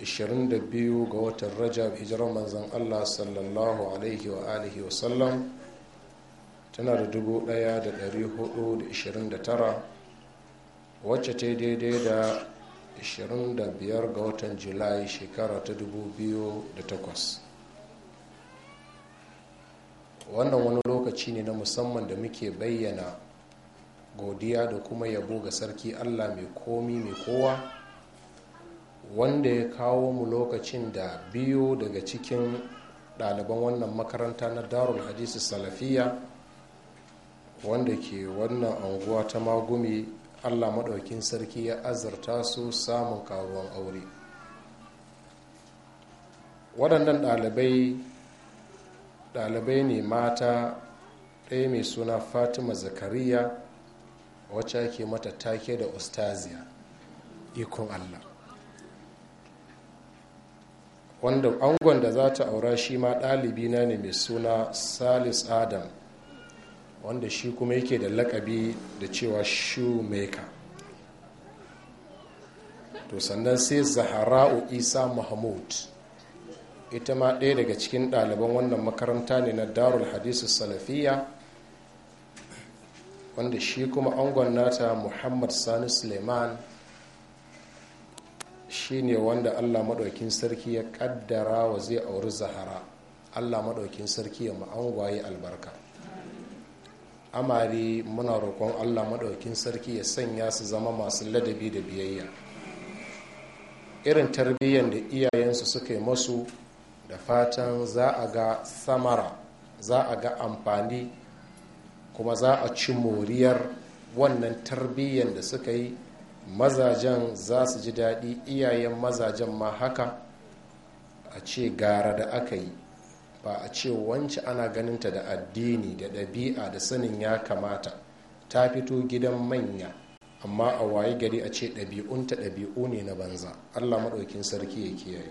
22 ga watan rajab hijirar manzan allah sallallahu alaihi wa alihi sallam tana da 1429 wacce ta daidai da 25 ga watan julai shekara ta da 2008 wannan wani lokaci ne na musamman da muke bayyana godiya da kuma yabo ga sarki allah mai komi mai kowa wanda ya kawo mu lokacin da biyu daga cikin ɗaliban wannan makaranta na darul hadisi salafiya wanda ke wannan anguwa ta magumi allah maɗaukin sarki ya azarta su samun karuwan aure waɗannan ɗalibai ɗalibai ne mata ɗaya mai suna fatima zakariya wacce ake mata take da ustaziya ikon allah wanda angon da za ta aura shi ma ɗalibi na ne mai suna salis adam wanda shi kuma yake da lakabi da cewa shoemaker to sannan sai zahara'u isa mahmud ita ma ɗaya daga cikin ɗaliban wannan makaranta ne na darul hadisu salafiya wanda shi kuma angon nata muhammad sani suleiman shine wanda allah maɗaukin sarki ya ƙaddara wa zai auri zahara allah maɗaukin sarki ya ma'angwaye albarka amari muna roƙon allah maɗaukin sarki ya sanya su zama masu ladabi da biyayya irin tarbiyyar da iyayensu suka yi masu da fatan za a ga samara za a ga amfani kuma za a ci moriyar wannan tarbiyyar da suka yi mazajen za su ji daɗi iyayen mazajen ma haka a ce gara da aka yi ba a ce wance ana ganinta da addini da ɗabi'a da sanin ya kamata ta fito gidan manya amma a waye gari a ce ɗabi'unta ɗabi'u ne na banza allah maɗaukin sarki ya kiyaye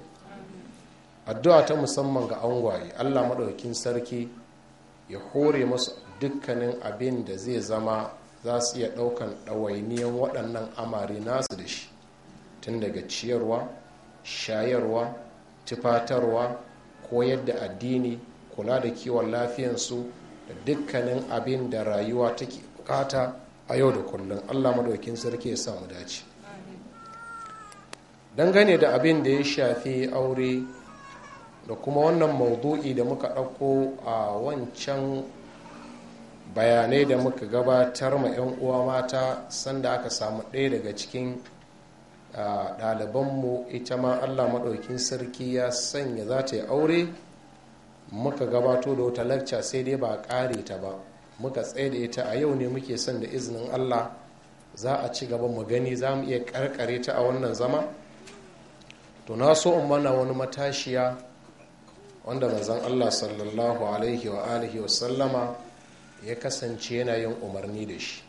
addu'a ta musamman ga angwaye allah maɗaukin sarki ya hore masu dukkanin abin da zai zama za su iya ɗaukan ɗawainiyan waɗannan amare nasu da shi tun daga ciyarwa shayarwa tufatarwa koyar da addini kula da kiwon lafiyansu da dukkanin abin da rayuwa take bukata a yau da kullum allah maɗaukin sarki ya samu dace dangane da abin da ya shafi aure da kuma wannan maudu'i da muka ɗauko a wancan bayanai da muka gabatar ma 'yan uwa mata sanda aka samu ɗaya daga cikin ɗalibanmu ita ma allah maɗaukin sarki ya sanya za ta yi aure muka gabato da wata lacca sai dai ba ƙare ta ba muka tsaye ita a yau ne muke son da izinin allah za a ci gaba mu gani za mu iya ƙarƙare ta a wannan zama to na so in mana wani matashiya wanda manzon allah sallallahu alaihi wa alihi wa sallama ya kasance yana yin umarni da shi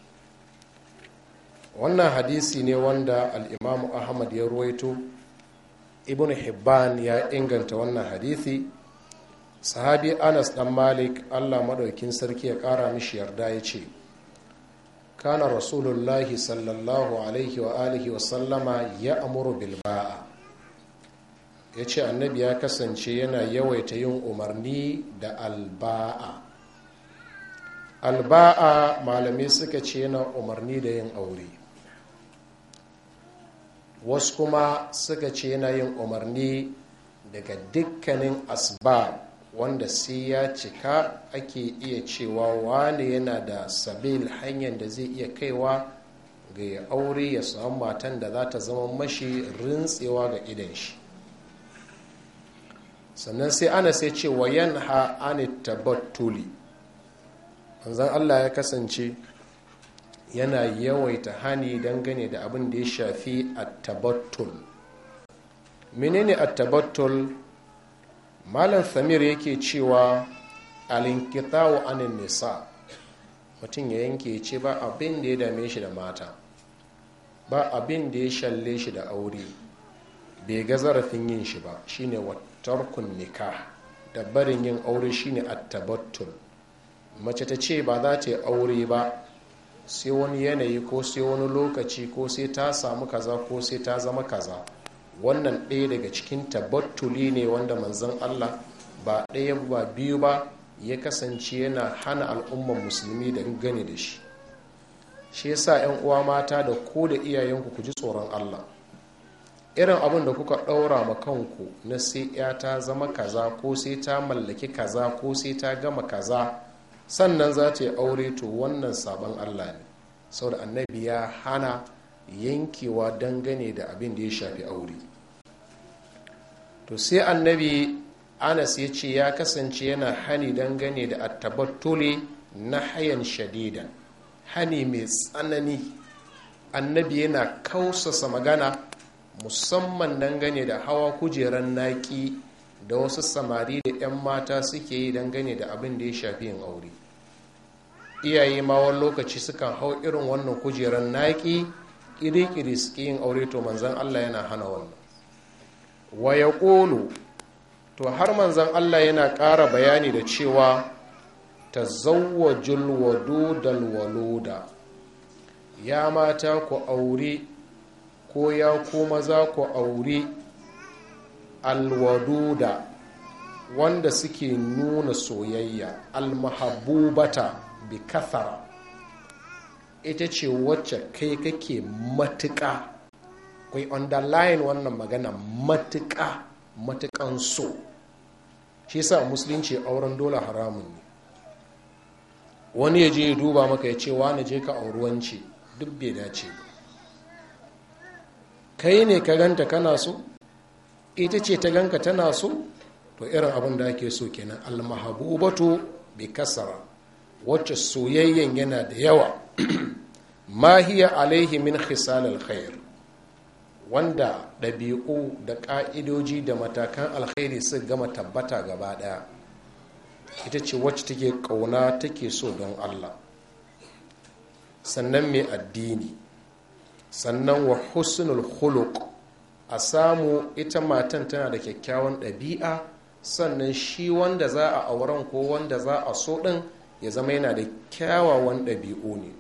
wannan hadisi ne wanda al'imamu ahmad ya ruwaito ibn hibban ya inganta wannan hadisi sahabi anas dan malik allah maɗaukin sarki ya ƙara mishi yarda ya ce kana rasulullahi sallallahu alaihi wa alihi wa sallama ya amuru bilba'a ya ce annabi ya kasance yana yawaita yin umarni da alba'a alba'a malamai suka ce yana umarni da yin aure wasu kuma suka ce yana yin umarni daga dukkanin asbab wanda sai ya cika ake iya cewa wani yana da sabil hanyar da zai iya kaiwa ga ya aure ya samu matan da za ta zama mashi rintsewa ga idan shi sannan sai ana sai ce ha yanha anitabattuli zan allah ya kasance yana yawaita hani dangane da abin da ya shafi attabattul menene attabattul malam samir yake cewa alinkitawo anin nisa mutum ya yanke ce ba abin da ya dame shi da mata ba abin da ya shalle shi da aure bai ga zarafin yin shi ba shine wattarkun nikah da barin yin aure shine attabattul mace ta ce ba za ta yi aure ba sai wani yanayi ko sai wani lokaci ko sai ta samu kaza ko sai ta zama kaza wannan ɗaya daga cikin tabbatuli ne wanda manzon allah ba ɗaya ba biyu ba ya kasance yana hana al'ummar musulmi da gane da shi shi yasa 'yan uwa mata da ko da iyayenku ku ji tsoron allah irin abin da kuka ɗaura ma kanku na sai ya ta zama kaza ko sai ta mallaki kaza ko sai ta gama kaza sannan za ta yi aure to wannan sabon allah ne saboda annabi ya hana yankewa dangane da abin da ya shafi aure to sai annabi anas ya ce ya kasance yana hani dangane da attabattule na hayan shadida hani mai tsanani annabi yana kausasa magana musamman dangane da hawa kujeran naki da wasu samari da 'yan mata suke yi dangane da abin da ya shafi yin aure iyaye ma lokaci sukan hau irin wannan kujerar naƙi ƙiri-ƙiri suke yin aure to manzan allah yana hana wannan waya ƙolo to har manzan allah yana ƙara bayani da cewa ta zauwa wadudal waluda ya mata ku aure ko ya kuma za ku aure alwaduda wanda suke nuna soyayya almahabubata bi kathara ita ce wacce kai kake matuƙa kai underline wannan magana matuƙa matuƙan so shi sa musulunci auren dole haramun ne wani ya je ya duba maka ya ce wani je ka auruwanci duk bai dace kai ne ka ganta kana so ita ce ta ganka tana so to irin abin da ake so kenan almahabubatu bi kasara wacce soyayyen yana da yawa mahiya alaihi min khisal alkhair wanda dabi'u da ƙa'idoji da matakan alkhairi su gama tabbata gaba ɗaya ita ce wacce take ƙauna take so don allah sannan mai addini sannan wa husnul khuluq a samu ita matan tana da kyakkyawan ɗabi'a sannan shi wanda za a auren ko wanda za a so ɗin ya zama yana da kyawawan ɗabi'u ne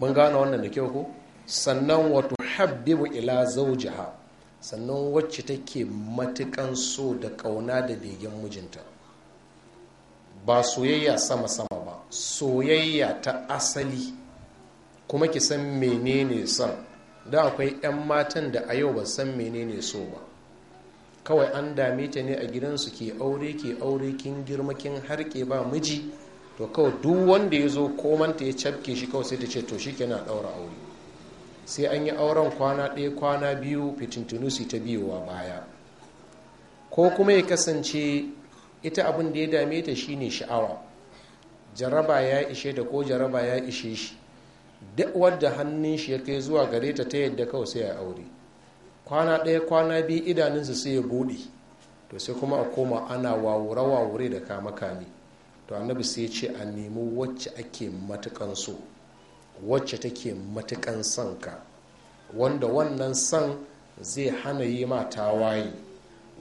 mun gane wannan da kyau ko sannan wato Habibu ila zaujiha sannan wacce take matukan so da ƙauna da begen mijinta ba soyayya sama-sama ba soyayya ta asali kuma ki san menene son Da akwai 'yan matan da a yau ba san menene so ba kawai an dame ta ne a gidansu ke aure ke aure kin girma kin harke ba miji to kawai duk wanda ya zo komanta ya cafke shi kawai sai ta ce to shi kenan ɗaura aure sai an yi auren kwana ɗaya kwana biyu fitintunu su ta biyowa baya ko kuma ya kasance ita abin da ya dame ta shine sha'awa jaraba ya ishe ta ko jaraba ya ishe shi duk wadda hannun shi ya kai zuwa gare ta ta yadda kawai sai ya aure kwana ɗaya kwana biyu idanunsa sai ya buɗe to sai kuma a koma ana wawure wawure da kama kame to annabi sai ya ce a nemi wacce ake matukan so wacce take matukan son ka wanda wannan son zai hana yi ma tawaye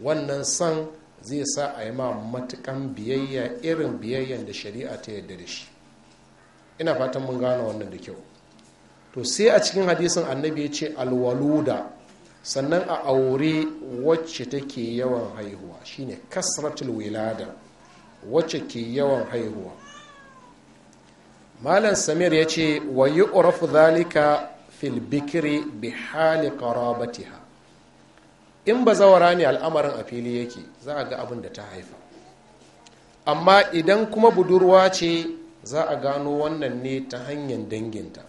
wannan son zai sa a yi ma matukan biyayya irin biyayyan da shari'a ta yadda da shi ina fatan mun gane wannan da kyau to sai a cikin hadisin annabi ya ce alwaluda sannan a aure wacce take yawan haihuwa shine kasratul wilada wacce ke yawan haihuwa malam samir ya ce wa yi urafu zalika fil bikiri bi hali karabatiha in ba zawara ne al'amarin a fili yake za a ga abin da ta haifa amma idan kuma budurwa ce za a gano wannan ne ta hanyar danginta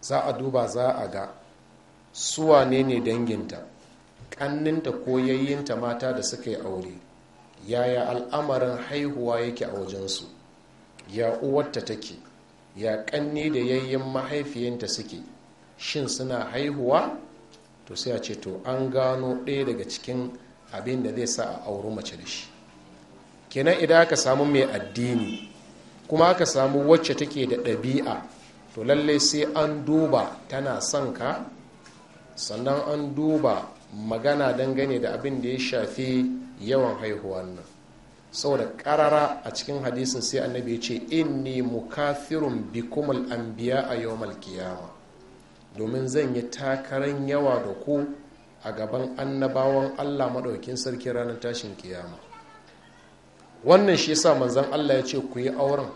za a duba za a ga suwa ne ne danginta ƙanninta ko yayyinta mata da suka yi aure yaya al'amarin haihuwa yake a wajensu ya uwarta take ya ƙanni da yayyin mahaifiyanta suke shin suna haihuwa to sai a ce to an gano ɗaya daga cikin abin da zai sa a auri mace da shi kenan idan aka samu mai addini kuma aka samu wacce take da ɗabi'a to lallai sai an duba tana son ka sannan an duba magana dangane da abin da ya shafi yawan haihuwan nan saboda karara a cikin hadisin sai annabi ya ce inni bi bikumul anbiya a yawmal kiyama domin zan yi takarar yawa da ku a gaban annabawan allah maɗaukin sarki ranar tashin kiyama wannan shi yasa manzon Allah ya ce ku yi auren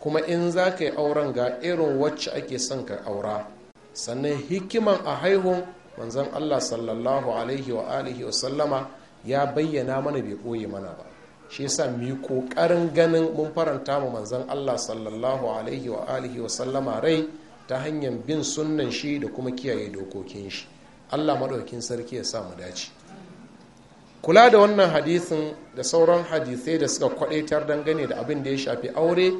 kuma in za ka yi auren ga irin wacce ake son ka aura sannan hikiman a haihun manzon Allah sallallahu alaihi wa alihi wa sallama ya bayyana mana bai ɓoye mana ba shi yasa mu yi kokarin ganin mun faranta mu manzon Allah sallallahu alaihi wa alihi wa sallama rai ta hanyar bin sunnan shi da kuma kiyaye dokokin shi Allah maɗaukin sarki ya sa mu dace kula da wannan hadisin da sauran hadisai da suka kwadaitar dangane da abin da ya shafi aure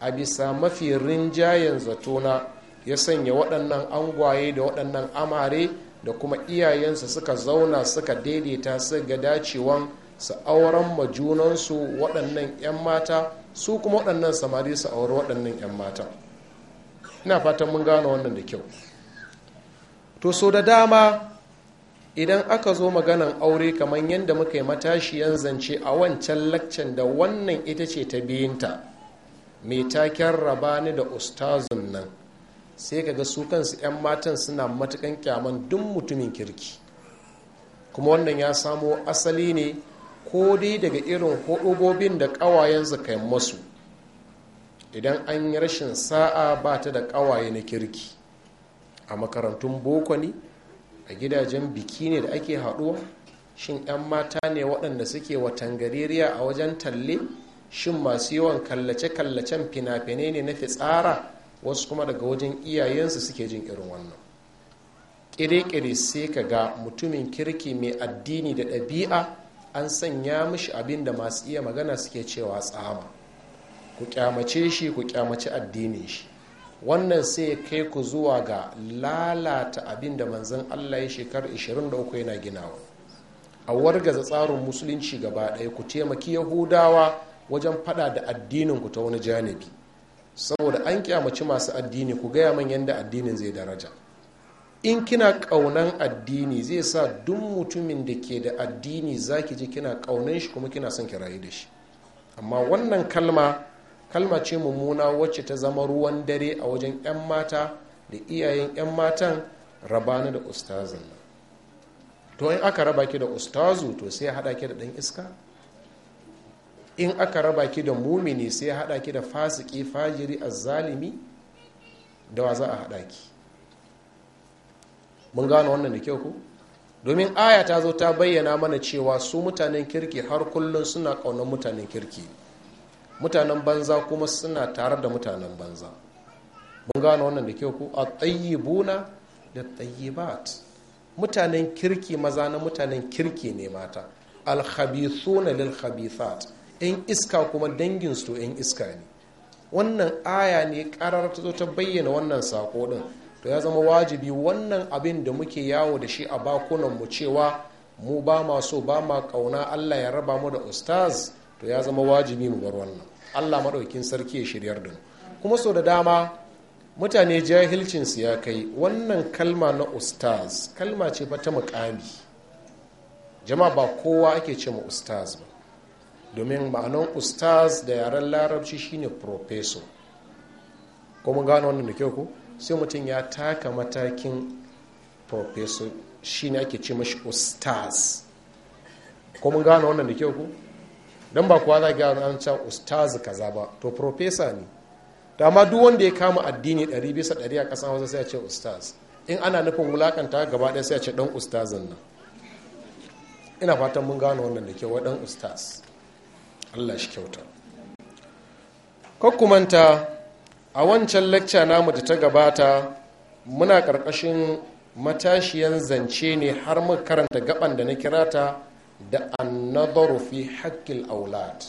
a bisa mafi rinjayen zatona ya sanya waɗannan angwaye da waɗannan amare da kuma iyayensa suka zauna suka daidaita su ga dacewan su auren majunansu waɗannan 'yan mata su kuma waɗannan samari su auri waɗannan 'yan mata ina fatan mun gane wannan da kyau to so da dama idan aka zo maganan aure kamar yadda muka yi matashiyan zance a wancan laccan da wannan ita ce ta biyinta mai taken ni da ustazun nan sai ka ga su kansu 'yan matan suna matukan kyaman duk mutumin kirki kuma wannan ya samo asali ne ko dai daga irin hudugobin da ƙawayensu kai masu idan an yi rashin sa'a ba ta da ƙawaye na kirki a makarantun boko ne a gidajen biki ne da ake haɗuwa shin 'yan mata ne waɗanda suke watangaririya a wajen talle shin masu yawan kallace-kallacen fina-finai ne na fitsara wasu kuma daga wajen iyayensu suke jin irin wannan ƙire-ƙire sai ka ga mutumin kirki mai addini da ɗabi'a an sanya mishi abin da masu iya magana suke cewa tsama ku kyamace shi ku kyamaci addinin shi wannan sai ya kai ku zuwa ga lalata abin da manzan allah ya shekar 23 yana ginawa a wargaza tsarin musulunci gaba ɗaya ku taimaki yahudawa wajen fada da addinin ku ta wani janibi saboda an kyamaci masu addini ku gaya man yadda addinin zai daraja in kina ƙaunan addini zai sa duk mutumin da ke da addini zaki ji kina ƙaunan shi kuma kina son ki rayu da shi amma wannan kalma kalma ce mummuna wacce ta zama ruwan dare a wajen 'yan mata da iyayen 'yan matan rabana da ustazin to in aka raba ki da ustazu to sai haɗa ki da ɗan iska in aka raba ki da mumini sai haɗa ki da fasiki fajiri azzalimi da wa za a haɗa ki mun gano wannan da kyau ku domin aya ta zo ta bayyana mana cewa su mutanen kirki har kullum suna ƙaunar mutanen kirki mutanen banza kuma suna tare da mutanen banza mun gane wannan da kyau ku a buna da bat. mutanen kirki maza na mutanen kirki ne mata alhabithuna lil Sat. yan iska kuma dangin su yan iska ne wannan aya ne karar ta zo ta bayyana wannan sako din to ya zama wajibi wannan abin da muke yawo da shi a bakunan mu cewa mu ba ma so ba ma kauna Allah ya raba mu da ustaz to ya zama wajibi mu bar wannan allah maɗaukin sarki ya shiryar da mu kuma sau da dama mutane jahilcinsu ya kai wannan kalma na ustaz kalma ce ba ta mukami jama'a ba kowa ake ce ma ustaz ba domin ma'anan ustaz da yaren larabci shine professor ko gano wannan da kyau ko sai mutum ya taka matakin professor shine ake ce mashi ustaz ko gano wannan da kyau ko don ba kuwa za ga an can ustaz kaza ba to profesa ne to amma duk wanda ya kama addini 100 bisa a kasan wasu sai a ce ustaz in ana nufin wulakanta gaba ɗaya sai a ce dan ustazin nan ina fatan mun gano wannan da kyau dan ustaz Allah shi kyauta kakkumanta a wancan lacca namu da ta gabata muna karkashin matashiyan zance ne har mu karanta gaban da na kirata da annadaru fi haƙƙin aulat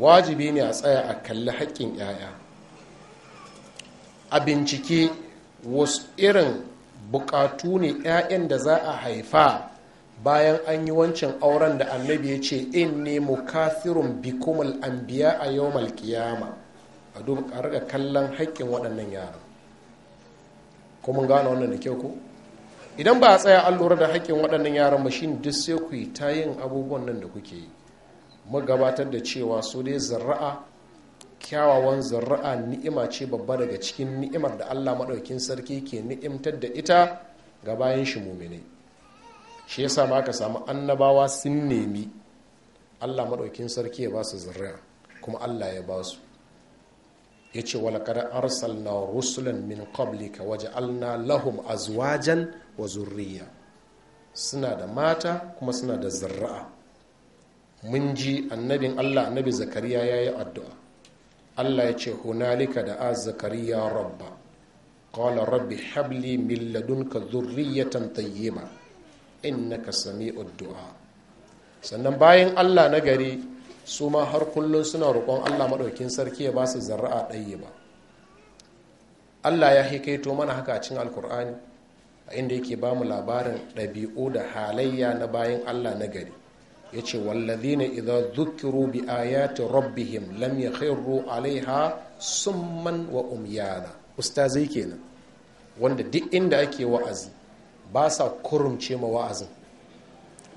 wajibi ne a tsaya a kalli haƙƙin 'ya'ya a bincike wasu irin buƙatu ne 'ya'yan da za a haifa bayan an yi wancan auren da annabi ya ce in ne kafirun bikumul anbiya a yau malkiyama a duba kallon haƙƙin waɗannan yaran kuma gane wannan da kyau ko idan ba a tsaya an lura da haƙƙin waɗannan yaran ba shine duk sai ku yi ta yin abubuwan nan da kuke yi magabatar da cewa su dai zarra'a kyawawan zarra'a ni'ima ce babba daga cikin ni'imar da Allah maɗaukin sarki ke ni'imtar da ita ga bayan shi mumine shi yasa ma ka samu annabawa sun nemi Allah maɗaukin sarki ya ba su zarra'a kuma Allah ya ba su ya ce walakar na rusulan min qablika waje alna lahum azwajan wa zurriya suna da mata kuma suna da zurra'a mun ji annabin allah annabi zakariya ya yi addu'a allah ya ce hunalika da a zakariya rabba qala rabbi habli min ladunka zurriyatan tayyiba innaka sami addu'a sannan bayan allah na gari su ma har kullum suna roƙon allah maɗaukin sarki ya ba su zarra'a ɗaya ba allah ya haikaito mana haka cin alkur'ani a inda yake ba mu labarin ɗabi'u da halayya na bayan allah na gari ya ce wallazina idza zukiru bi ayati rabbihim lam yakhiru alaiha summan wa umyana ustazai kenan wanda duk inda ake wa'azi ba sa kurumce ma wa'azin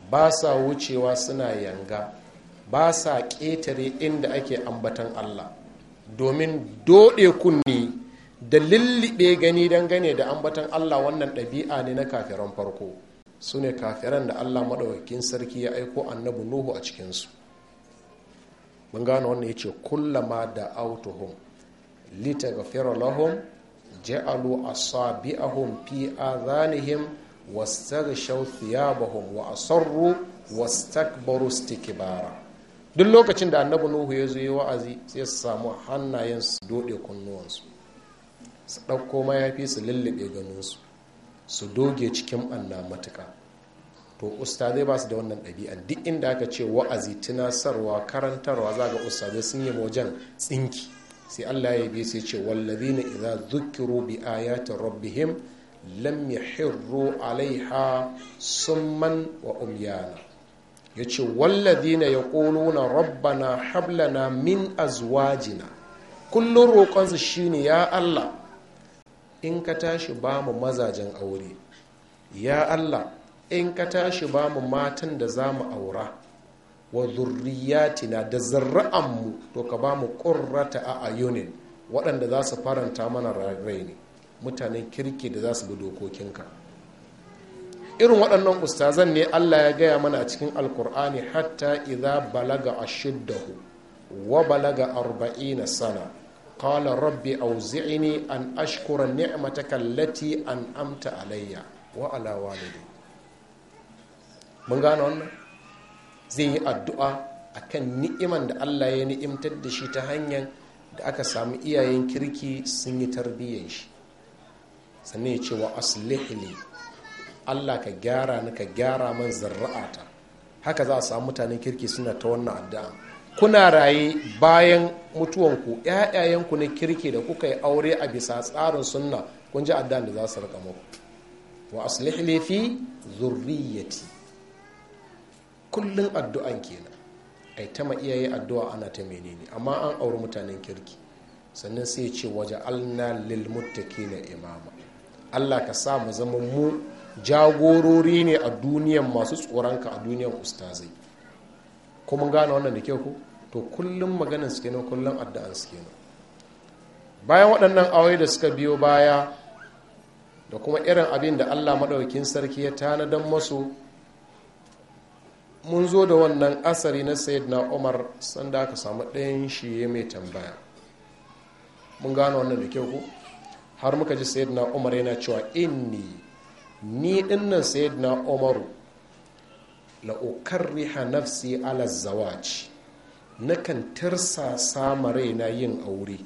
ba sa wucewa suna yanga ba sa ƙetare inda ake ambatan Allah domin doɗe kunni da lilliɓe gani dangane da ambatan Allah wannan ɗabi'a ne na kafiran farko su ne kafiran da Allah maɗaukakin sarki ya aiko annabi Nuhu a cikinsu mun gane wannan ya ce kullama da autuhum a lahum ja'alu asabi'ahum fi adhanihim wastaghshaw thiyabahum wa asarru wastakbaru istikbara duk lokacin da annabi nuhu ya zo ya wa'azi sai su samu hannayen su dode kunnuwansu su ɗauko mayafi su lullube ganinsu su doge cikin anna matuka to ustazai ba su da wannan ɗabi'a. duk inda aka ce wa'azi tunasarwa karantarwa za ga ustazai sun yi wajen tsinki sai allah ya bi sai ce wallazina idza zukiru bi ayatin rabbihim lam yahirru alaiha summan wa umyana ya ce wallazina ya na, rabbana hablana min azwajina kullum roƙonsu shine ya allah in ka tashi ba mu mazajen aure ya allah in ka tashi ba mu matan da za mu aura wa zurriyatina da zarra'anmu to ka ba mu ƙurrata a ayunin waɗanda za su faranta mana rai ne mutanen kirki da za su bi dokokinka irin waɗannan ustazan ne allah ya gaya mana cikin alkur'ani hatta idan balaga ashiddahu wa balaga arba'ina sana qala rabbi auzi'ini an ashkura ni'mataka allati an'amta alayya wa ala walidi mun gane wannan zai yi addu'a a kan ni'iman da allah ya ni'imtar da shi ta hanyar da aka samu iyayen kirki sun yi tarbiyyar shi sannan ya ce wa aslihli allah ka gyara ni ka gyara man zarra'ata haka za a samu mutanen kirki suna ta wannan addu'a kuna raye bayan mutuwanku 'ya'ya'yanku na kirki da kuka yi aure a bisa tsarin sunna kun ji addu'a da za su rika muku wa aslih li fi zurriyati kullun addu'an kenan ai ta ma iyaye addu'a ana ta menene amma an auri mutanen kirki sannan sai ce waje alna lil muttaqina imama Allah ka sa mu zama mu jagorori ne a duniyan masu tsoronka a duniyan ustazai kuma gane wannan da kyau ku to kullum maganin su kenan kullum addu'an su kenan bayan waɗannan awai da suka biyo baya da kuma irin abin da allah maɗaukin sarki ya tanadan masu mun zo da wannan asari na na umar sanda aka samu ɗayan shi mai tambaya mun gane wannan da kyau ku har muka ji na umar yana cewa inni ni dinnan sayyidina umaru la ukarriha nafsi ala zawaj nakan tirsa sama raina yin aure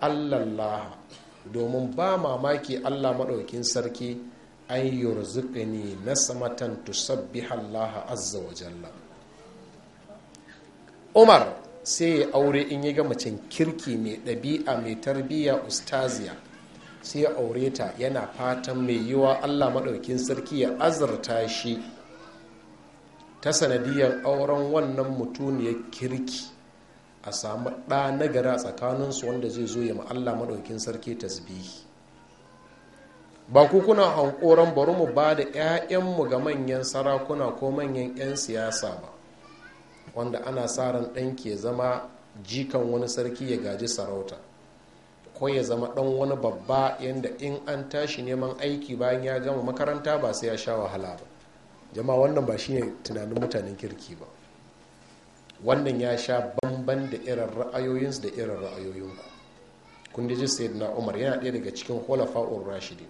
allah domin ba mamaki allah maɗaukin sarki an yurzuqani na samatan tusabbiha allah azza wa jalla umar sai ya aure in yi ga macen kirki mai ɗabi'a mai tarbiyya ustaziya sai ya aure ta yana fatan mai yiwa allah maɗaukin sarki ya azurta shi ta sanadiyar auren wannan mutuniyar kirki a samu ɗa nagara tsakaninsu wanda zai zo ya ma allah maɗaukin sarki tasbihi ba ku kuna hankoron bari mu ba da 'ya'yanmu ga manyan sarakuna ko manyan 'yan siyasa ba wanda ana sa ran ɗan ke zama jikan wani sarki ya gaji sarauta ko ya zama ɗan wani babba yadda in an tashi neman aiki bayan ya gama makaranta ba sai ya sha wahala ba jama wannan ba shine tunanin mutanen kirki ba wannan ya sha bamban da irin ra'ayoyinsu da irin ra'ayoyinku kun ji sayyidina umar yana ɗaya daga cikin khulafa'ur rashidin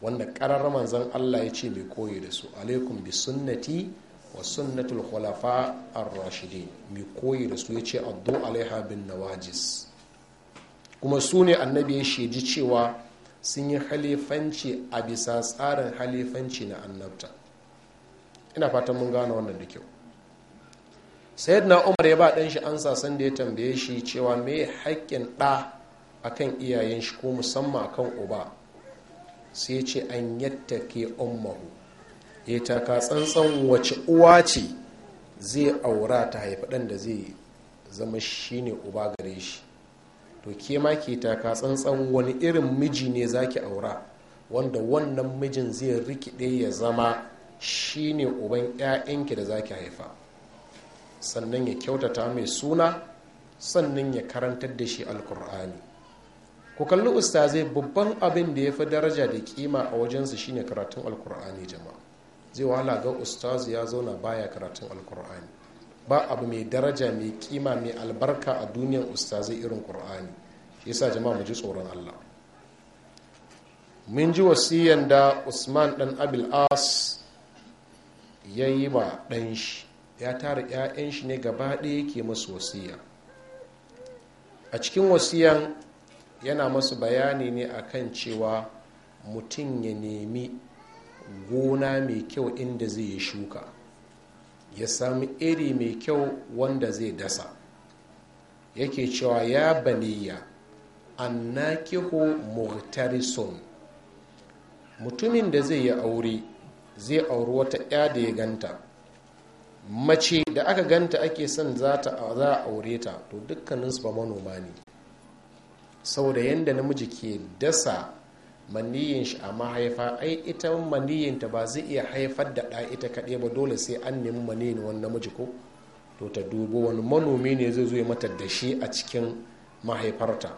wanda kararra manzon Allah ya ce mai koyi da su alaikum bi sunnati wa sunnatul khulafa ar-rashidin mai koyi da su ya ce addu alaiha bin nawajis kuma su ne annabi ya shaidi cewa sun yi halifanci a bisa tsarin halifanci na annabta ina fatan mun gane wannan da kyau na umar ya ba ɗan shi ansa san da ya tambaye shi cewa me haƙƙin ɗa akan iyayen shi ko musamman kan uba sai ya ce an ke ummahu ya taka tsantsan wace uwa ce zai aura ta haifi ɗan da zai zama shi ne uba gare shi to ke ma ke taka tsantsan wani irin miji ne zaki aura wanda wannan mijin zai rikide ya zama shine uban 'ya'yanki da zaki haifa sannan ya kyautata mai suna sannan ya karantar da shi alkur'ani ku kalli ustazai babban abin da ya fi daraja da kima a wajensu shine karatun alkur'ani jama'a zai wahala ga ustazu ya zauna baya karatun alkur'ani ba abu mai daraja mai kima mai albarka a duniyar ustazai irin ƙur'ani shi yasa jama'a mu ji tsoron allah mun ji wasiyan da usman dan abil as ya yi ma ɗan shi ya tara 'ya'yan shi ne gaba ɗaya yake masu wasiya a cikin wasiyan yana masu bayani ne akan cewa mutum ya nemi gona mai kyau inda zai yi shuka ya sami iri mai kyau wanda zai dasa yake cewa ya baniya annakihu muhtarisun mutumin da zai yi aure zai auri wata 'ya da ya ganta mace da aka ganta ake son za a aure ta to dukkaninsu ba manoma ne Sau da yadda namiji ke dasa maniyin shi a mahaifa ai ita maniyin ta ba zai iya haifar da ɗa ita kaɗai ba dole sai an nemi maniyin wani namiji ko to ta dubo wani manomi ne zai zo mata da shi a cikin mahaifarta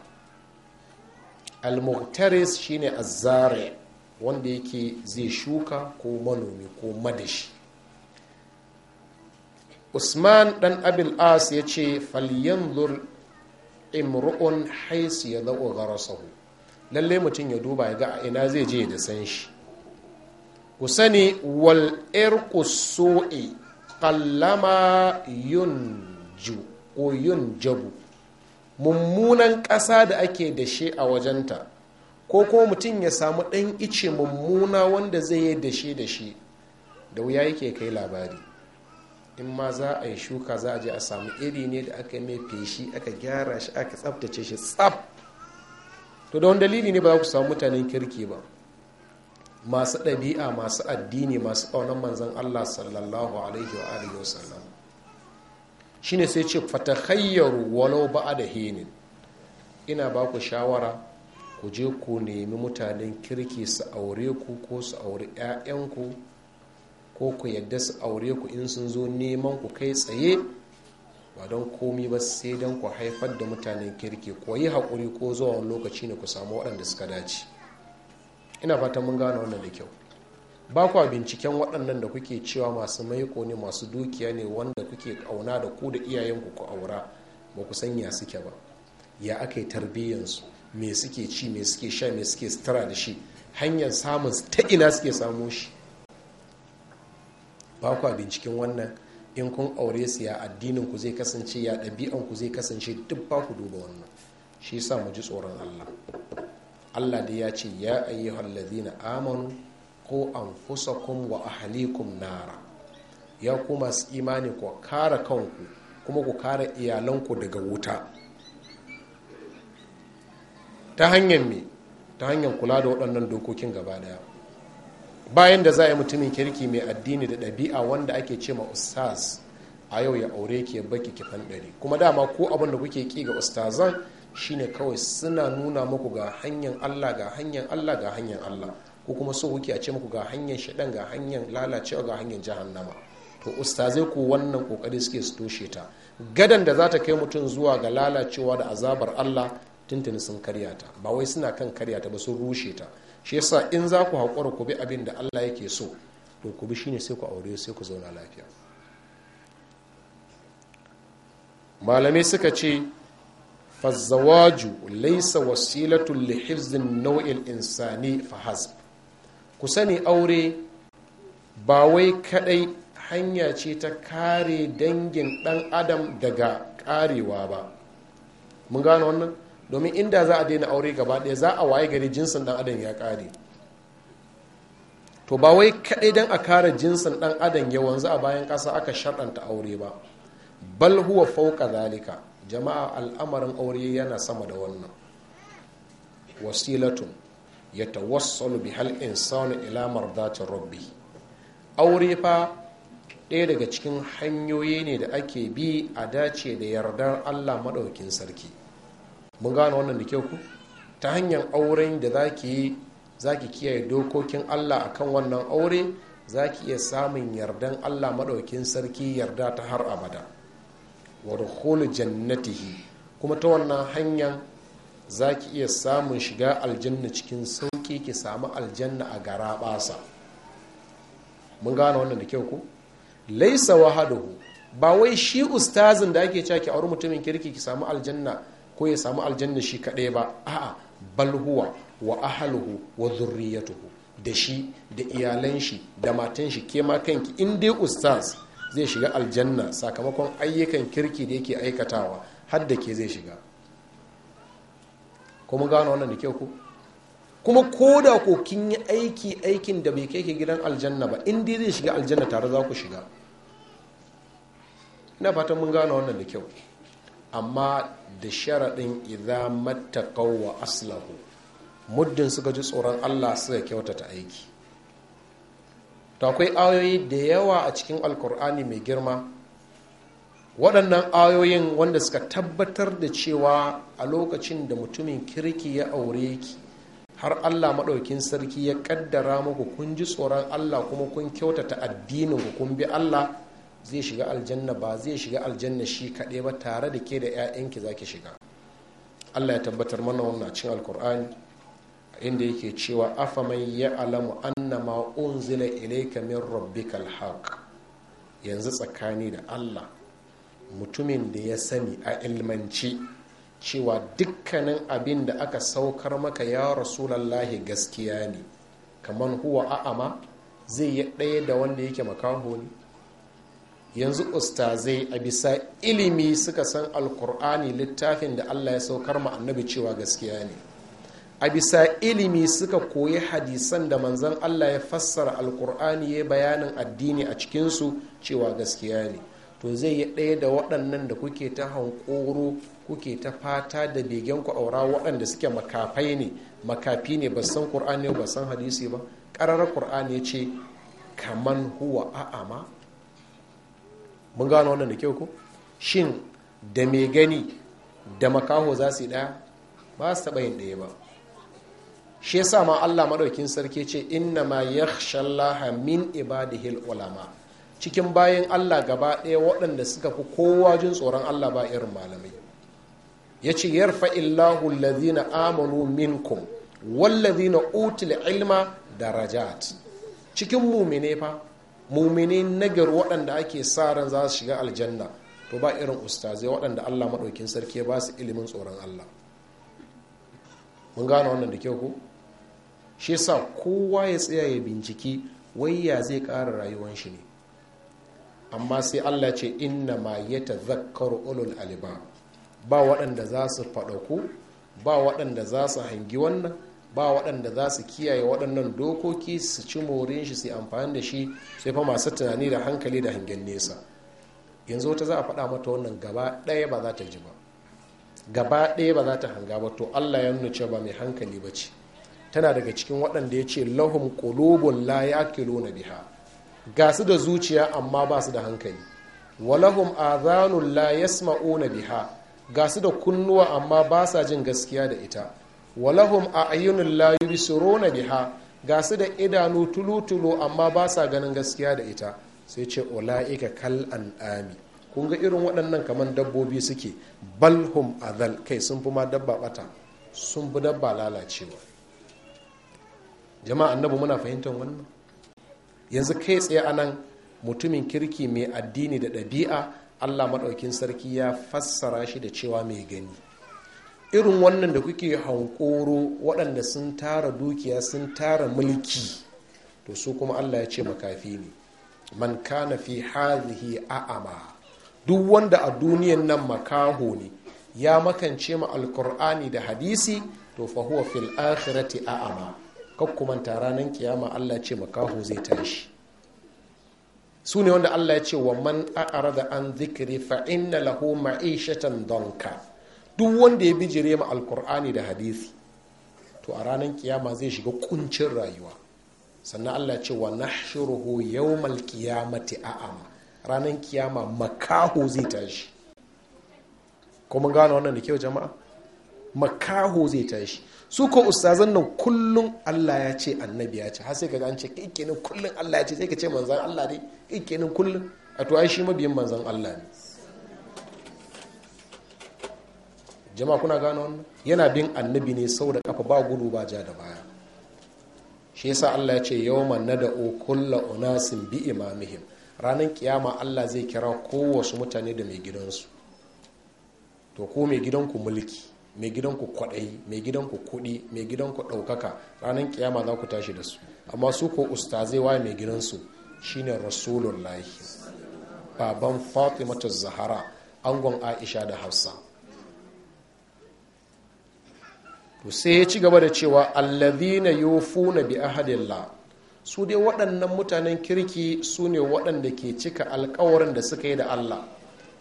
shi ne shine Zare, wanda yake zai shuka ko manomi ko madashi usman dan abil as ya ce falyanzur imru'un haisu ya zau garasahu lalle mutum ya duba ya ga ina zai je da san shi ku sani wal irku kallama yun ju ko jabu mummunan ƙasa da ake da shi a wajenta ko ko mutum ya samu ɗan ice mummuna wanda zai yi da shi da shi da wuya yake kai labari in ma za a yi shuka za a je a samu iri ne da aka mai feshi aka gyara shi aka tsabtace shi tsab to don dalili ne ba ku samu mutanen kirki ba masu ɗabi'a masu addini masu ƙaunar manzan allah sallallahu alaihi wa alihi wa sallam ne sai ce fatahayyaru walau ba'a da hinin ina ba ku shawara ku je ku nemi mutanen kirki su aure ku ko su aure 'ya'yanku ko ku yadda su aure ku in sun zo neman ku kai tsaye ba don komi ba sai don ku haifar da mutanen kirki ko yi haƙuri ko zuwa wani lokaci ne ku samu waɗanda suka dace ina fatan mun gane wannan da kyau ba kwa binciken waɗannan da kuke cewa masu maiko ne masu dukiya ne wanda kuke ƙauna da ku da iyayenku ku aura ba ku sanya suke ba ya aka yi tarbiyyansu me suke ci me suke sha me suke sutura da shi hanyar samun ta ina suke samo shi ba kwa binciken wannan in kun aure su ya addinin ku zai kasance ya ɗabi'an ku zai kasance duk ba ku duba wannan shi sa mu ji tsoron Allah Allah da ya ce ya ayyuhar Hallazina amanu ko an kun wa ahalikum nara ya kuma masu imani ku kare kanku kuma ku kare iyalanku daga wuta ta hanyar me ta hanyar kula da waɗannan dokokin gaba daya bayan da za a yi mutumin kirki mai addini da ɗabi'a wanda ake ce ma ustaz a yau ya aure ki ya baki ki fanɗari kuma dama ko abin da kuke ki ga ustazan shine kawai suna nuna muku ga hanyar allah ga hanyar allah ga hanyar allah ko kuma so kuke a ce muku ga hanyar shaɗan ga hanyar lalacewa ga hanyar jahannama to ustazai ko wannan kokari suke su toshe ta gadan da za ta kai mutum zuwa ga lalacewa da azabar allah tuntuni sun karya ta ba wai suna kan karya ta ba sun rushe ta shi yasa in za ku haƙura ku bi abin da allah yake so to ku bi shine sai ku aure sai ku zauna lafiya malamai suka ce fazzawaju laisa wasilatun li hifzin nau'il insani fahaz ku sani aure ba wai kadai hanya ce ta kare dangin dan adam daga karewa ba mun gano wannan domin inda za a daina aure gaba ɗaya za a waye gari jinsin ɗan adam ya ƙare to ba wai kaɗai don a kare jinsin ɗan adam ya wanzu a bayan ƙasa aka sharɗanta aure ba bal huwa fauka zalika jama'a al'amarin aure yana sama da wannan wasilatun ya tawassalu bi hal insanu ila mardatin rabbi aure fa ɗaya daga cikin hanyoyi ne da ake bi a dace da yardar allah maɗaukin sarki mun gane wannan da kyau ku ta hanyar auren da za ki yi za ki kiyaye dokokin allah a kan wannan aure za ki iya samun yardan allah maɗaukin sarki yarda ta har abada wa jannatihi kuma ta wannan hanyar za ki iya samun shiga aljanna cikin sauƙi ki samu aljanna a gara ɓasa mun gane wannan da kyau ku laisa wahaduhu ba wai shi ustazin da ake cakin ki mutumin kirki ki samu aljanna ko ya samu aljanna shi kaɗai ba a'a bal wa ahluhu wa zurriyatuhu da shi da iyalan shi da matan shi ke ma kanki in dai ustaz zai shiga aljanna sakamakon ayyukan kirki da yake aikatawa har da ke zai shiga kuma gano wannan da kyau ku kuma ko da ko kin yi aiki aikin da bai kai ke gidan aljanna ba in dai zai shiga aljanna tare za ku shiga ina fatan mun gano wannan da kyau amma da sharaɗin idza mattaqaw wa aslahu muddin suka ji tsoron Allah suka kyautata aiki to akwai ayoyi da yawa a cikin alkur'ani mai girma waɗannan ayoyin wanda suka tabbatar da cewa a lokacin da mutumin kirki ya aure ki har allah maɗaukin sarki ya ƙaddara muku kun ji tsoron allah kuma kun kyautata addinin ku kun bi allah zai shiga aljanna ba zai shiga aljanna shi kaɗai ba tare da ke da 'ya'yanki za ki shiga allah ya tabbatar mana wannan cin alkur'ani inda yake cewa afa mai ya alamu anna unzila ilayka min rabbikal haq yanzu tsakani da allah mutumin da ya sani a ilmanci cewa dukkanin abin da aka saukar maka ya rasulallahi gaskiya ne kamar huwa a'ama zai yi ɗaya da wanda yake makaho ne yanzu ustazai a bisa ilimi suka san alkur'ani littafin da allah ya saukar ma annabi cewa gaskiya ne a bisa ilimi suka koyi hadisan da manzan allah ya fassara alkur'ani ya bayanin addini a cikinsu cewa gaskiya ne to zai yi ɗaya da waɗannan da kuke ta hankoro kuke ta fata da begen ku aura waɗanda suke makafai ne makafi ne ba san ƙur'ani ba san hadisi ba ƙararar ƙur'ani ce kaman huwa a'ama mun gano wannan da kyau ko shin da mai gani da makaho za su yi ɗaya ba su taɓa yin ɗaya ba shi yasa ma Allah maɗaukin sarki ce inna ma yakhshallaha min ibadihil ulama cikin bayan Allah gaba ɗaya waɗanda suka fi kowa jin tsoron Allah ba irin malamai ya ce yarfa illahu alladhina amanu minkum na utul ilma darajat cikin mumine fa mumini nagar waɗanda ake sa ran za su shiga aljanna to ba irin ustazai waɗanda allah maɗaukin sarki ya ba su ilimin tsoron allah mun gane wannan da kyau ko shi sa kowa ya tsaya ya binciki ya zai ƙara rayuwan shi ne amma sai allah ce inna ma ya tazakkaru ulul aliba ba waɗanda za su ku ba waɗanda za su hangi wannan ba waɗanda za su kiyaye waɗannan dokoki su ci morin shi su amfani da shi sai fa masu tunani da hankali da hangen nesa yanzu wata za a faɗa mata wannan gaba ɗaya ba za ta ji ba gaba ɗaya ba za ta hanga ba to allah ya nuna cewa ba mai hankali ba ce tana daga cikin waɗanda ya ce lahum qulubun la na biha ga su da zuciya amma ba su da hankali walahum azanun la yasma'una biha ga su da kunnuwa amma ba sa jin gaskiya da ita walahum a'yunul la rona biha ga su da idanu tulutulu amma ba sa ganin gaskiya da ita sai ce ula'ika kal an'ami kun ga irin waɗannan kamar dabbobi suke balhum azal kai sun fi ma dabba bata sun fi dabba lalacewa jama'a annabu muna fahimtar wannan yanzu kai tsaye a nan mutumin kirki mai addini da ɗabi'a allah maɗaukin sarki ya fassara shi da cewa mai gani irin wannan da kuke hankoro waɗanda sun tara dukiya sun tara mulki to su kuma allah ya ce makafi ne man kana fi hazihi a'ama duk wanda a duniyan nan makaho ne ya makance ma alkur'ani da hadisi to fa huwa fil akhirati a'ama kakkumanta ranar kiyama allah ce makaho zai tashi su ne wanda allah ya ce wa man a'ara da an zikiri fa inna lahu ma'ishatan donka duk wanda ya bijire ma alkur'ani da hadisi to a ranar kiyama zai shiga kuncin rayuwa sannan allah ce wa nahshuruhu yawmal qiyamati a'ama ranar kiyama makaho zai tashi ko mun gano wannan da kyau jama'a makaho zai tashi su ko ustazan nan kullum Allah ya ce annabi ya ce har sai ka an ce kenan kullum Allah ya ce sai ka ce manzan Allah ne kenan kullum a to ai shi mabiyin manzan Allah ne jama'a kuna gano wannan yana bin annabi ne sau da kafa ba gudu ba ja da baya shi yasa Allah ya ce yawma nad'u kulla unasin bi imamihim ranar kiyama Allah zai kira kowasu mutane da mai gidansu to ko mai gidanku mulki mai gidanku kwaɗayi mai gidanku kuɗi mai gidanku ɗaukaka ranar kiyama za ku tashi da su amma su ko ustazai waye mai gidansu shine rasulullahi baban fatimatu zahara angon aisha da hafsa to sai ya ci gaba da cewa allazina yufuna bi ahadillah su dai waɗannan mutanen kirki su ne waɗanda ke cika alkawarin da suka yi da Allah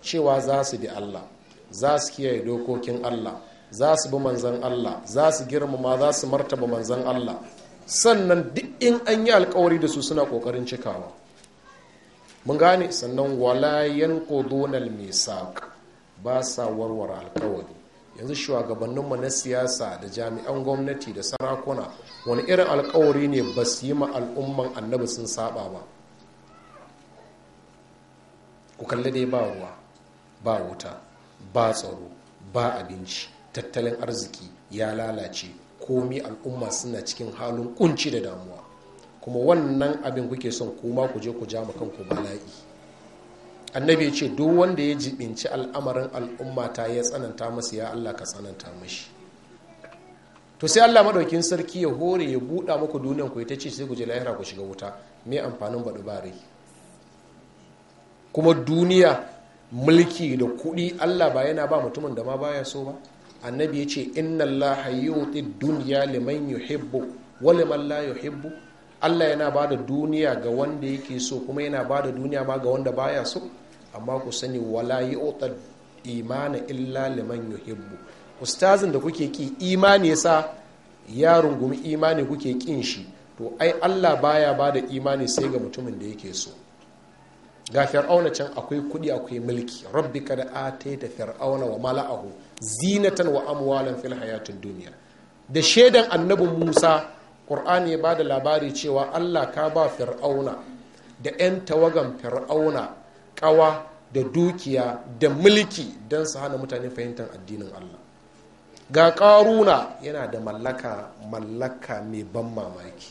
cewa za su bi Allah za su kiyaye dokokin Allah za su bi manzan Allah za su girmama za su martaba manzan Allah sannan duk in an yi alkawari da su suna kokarin cikawa mun gane sannan walayen kodonal mai ba sa warware alkawari yanzu shugabanninmu na siyasa da jami'an gwamnati da sarakuna wani irin alkawari ne ba su yi ma al'umman annabi sun saba ba ku kalli dai ba ruwa ba wuta ba tsaro ba abinci tattalin arziki ya lalace komi al'umma suna cikin halin kunci da damuwa kuma wannan abin kuke son kuma ku je ku ja kanku bala'i annabi ya ce duk wanda ya jibinci al'amarin ta ya tsananta masu ya allah ka tsananta mashi to sai allah maɗaukin sarki ya hore ya buɗa muku duniyan ku ita ce sai ku je lahira ku shiga wuta me amfanin baɗu bare kuma duniya mulki da kuɗi allah ba yana ba mutumin da ma baya so ba annabi ya ce inna allaha yuti dunya liman yuhibbu wa liman la yuhibbu allah yana ba da duniya ga wanda yake so kuma yana ba da duniya ma ga wanda baya so amma ku sani wala yi otar imana illa liman yuhibbu ustazin da kuke ki imani yasa ya rungumi imani kuke kin shi to ai allah baya ba da imani sai ga mutumin da yake so ga fir'auna can akwai kudi akwai mulki rabbi kada ataita fir'auna wa mala'ahu zinatan wa amwalan fil hayatid duniya da shaidan annabin musa ƙur'ani ya ba da labari cewa allah ka ba fir'auna da 'yan tawagan fir'auna ƙawa da dukiya da mulki don su hana mutane fahimtar addinin allah ga ƙaruna yana da mallaka mallaka mai ban mamaki